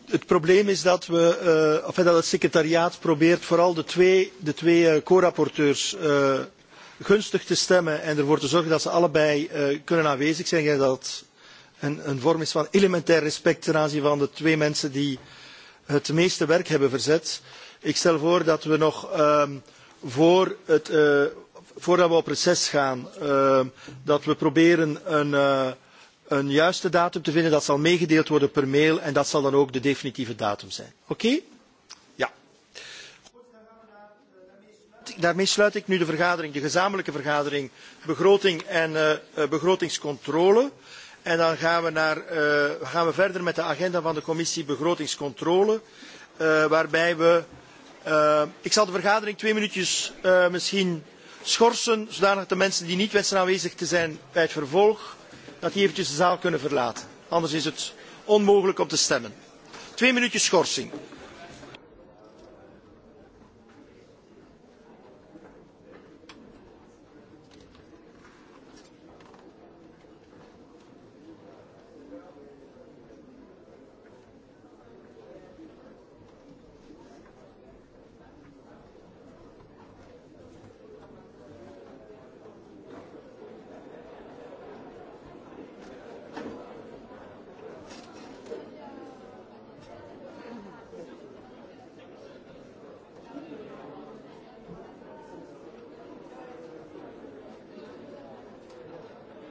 het probleem is dat, we, uh, of dat het secretariaat probeert vooral de twee, de twee uh, co-rapporteurs uh, gunstig te stemmen en ervoor te zorgen dat ze allebei uh, kunnen aanwezig zijn. Ja, dat een, een vorm is van elementair respect ten aanzien van de twee mensen die het meeste werk hebben verzet. Ik stel voor dat we nog uh, voor het, uh, voordat we op reces gaan, uh, dat we proberen een... Uh, een juiste datum te vinden. Dat zal meegedeeld worden per mail en dat zal dan ook de definitieve datum zijn. Oké? Okay? Ja. Daarmee sluit ik nu de vergadering, de gezamenlijke vergadering begroting en uh, begrotingscontrole. En dan gaan we, naar, uh, gaan we verder met de agenda van de commissie begrotingscontrole, uh, waarbij we... Uh, ik zal de vergadering twee minuutjes uh, misschien schorsen, zodanig dat de mensen die niet wensen aanwezig te zijn bij het vervolg, uh, dat die eventjes de zaal kunnen verlaten anders is het onmogelijk om te stemmen. twee minuutjes schorsing.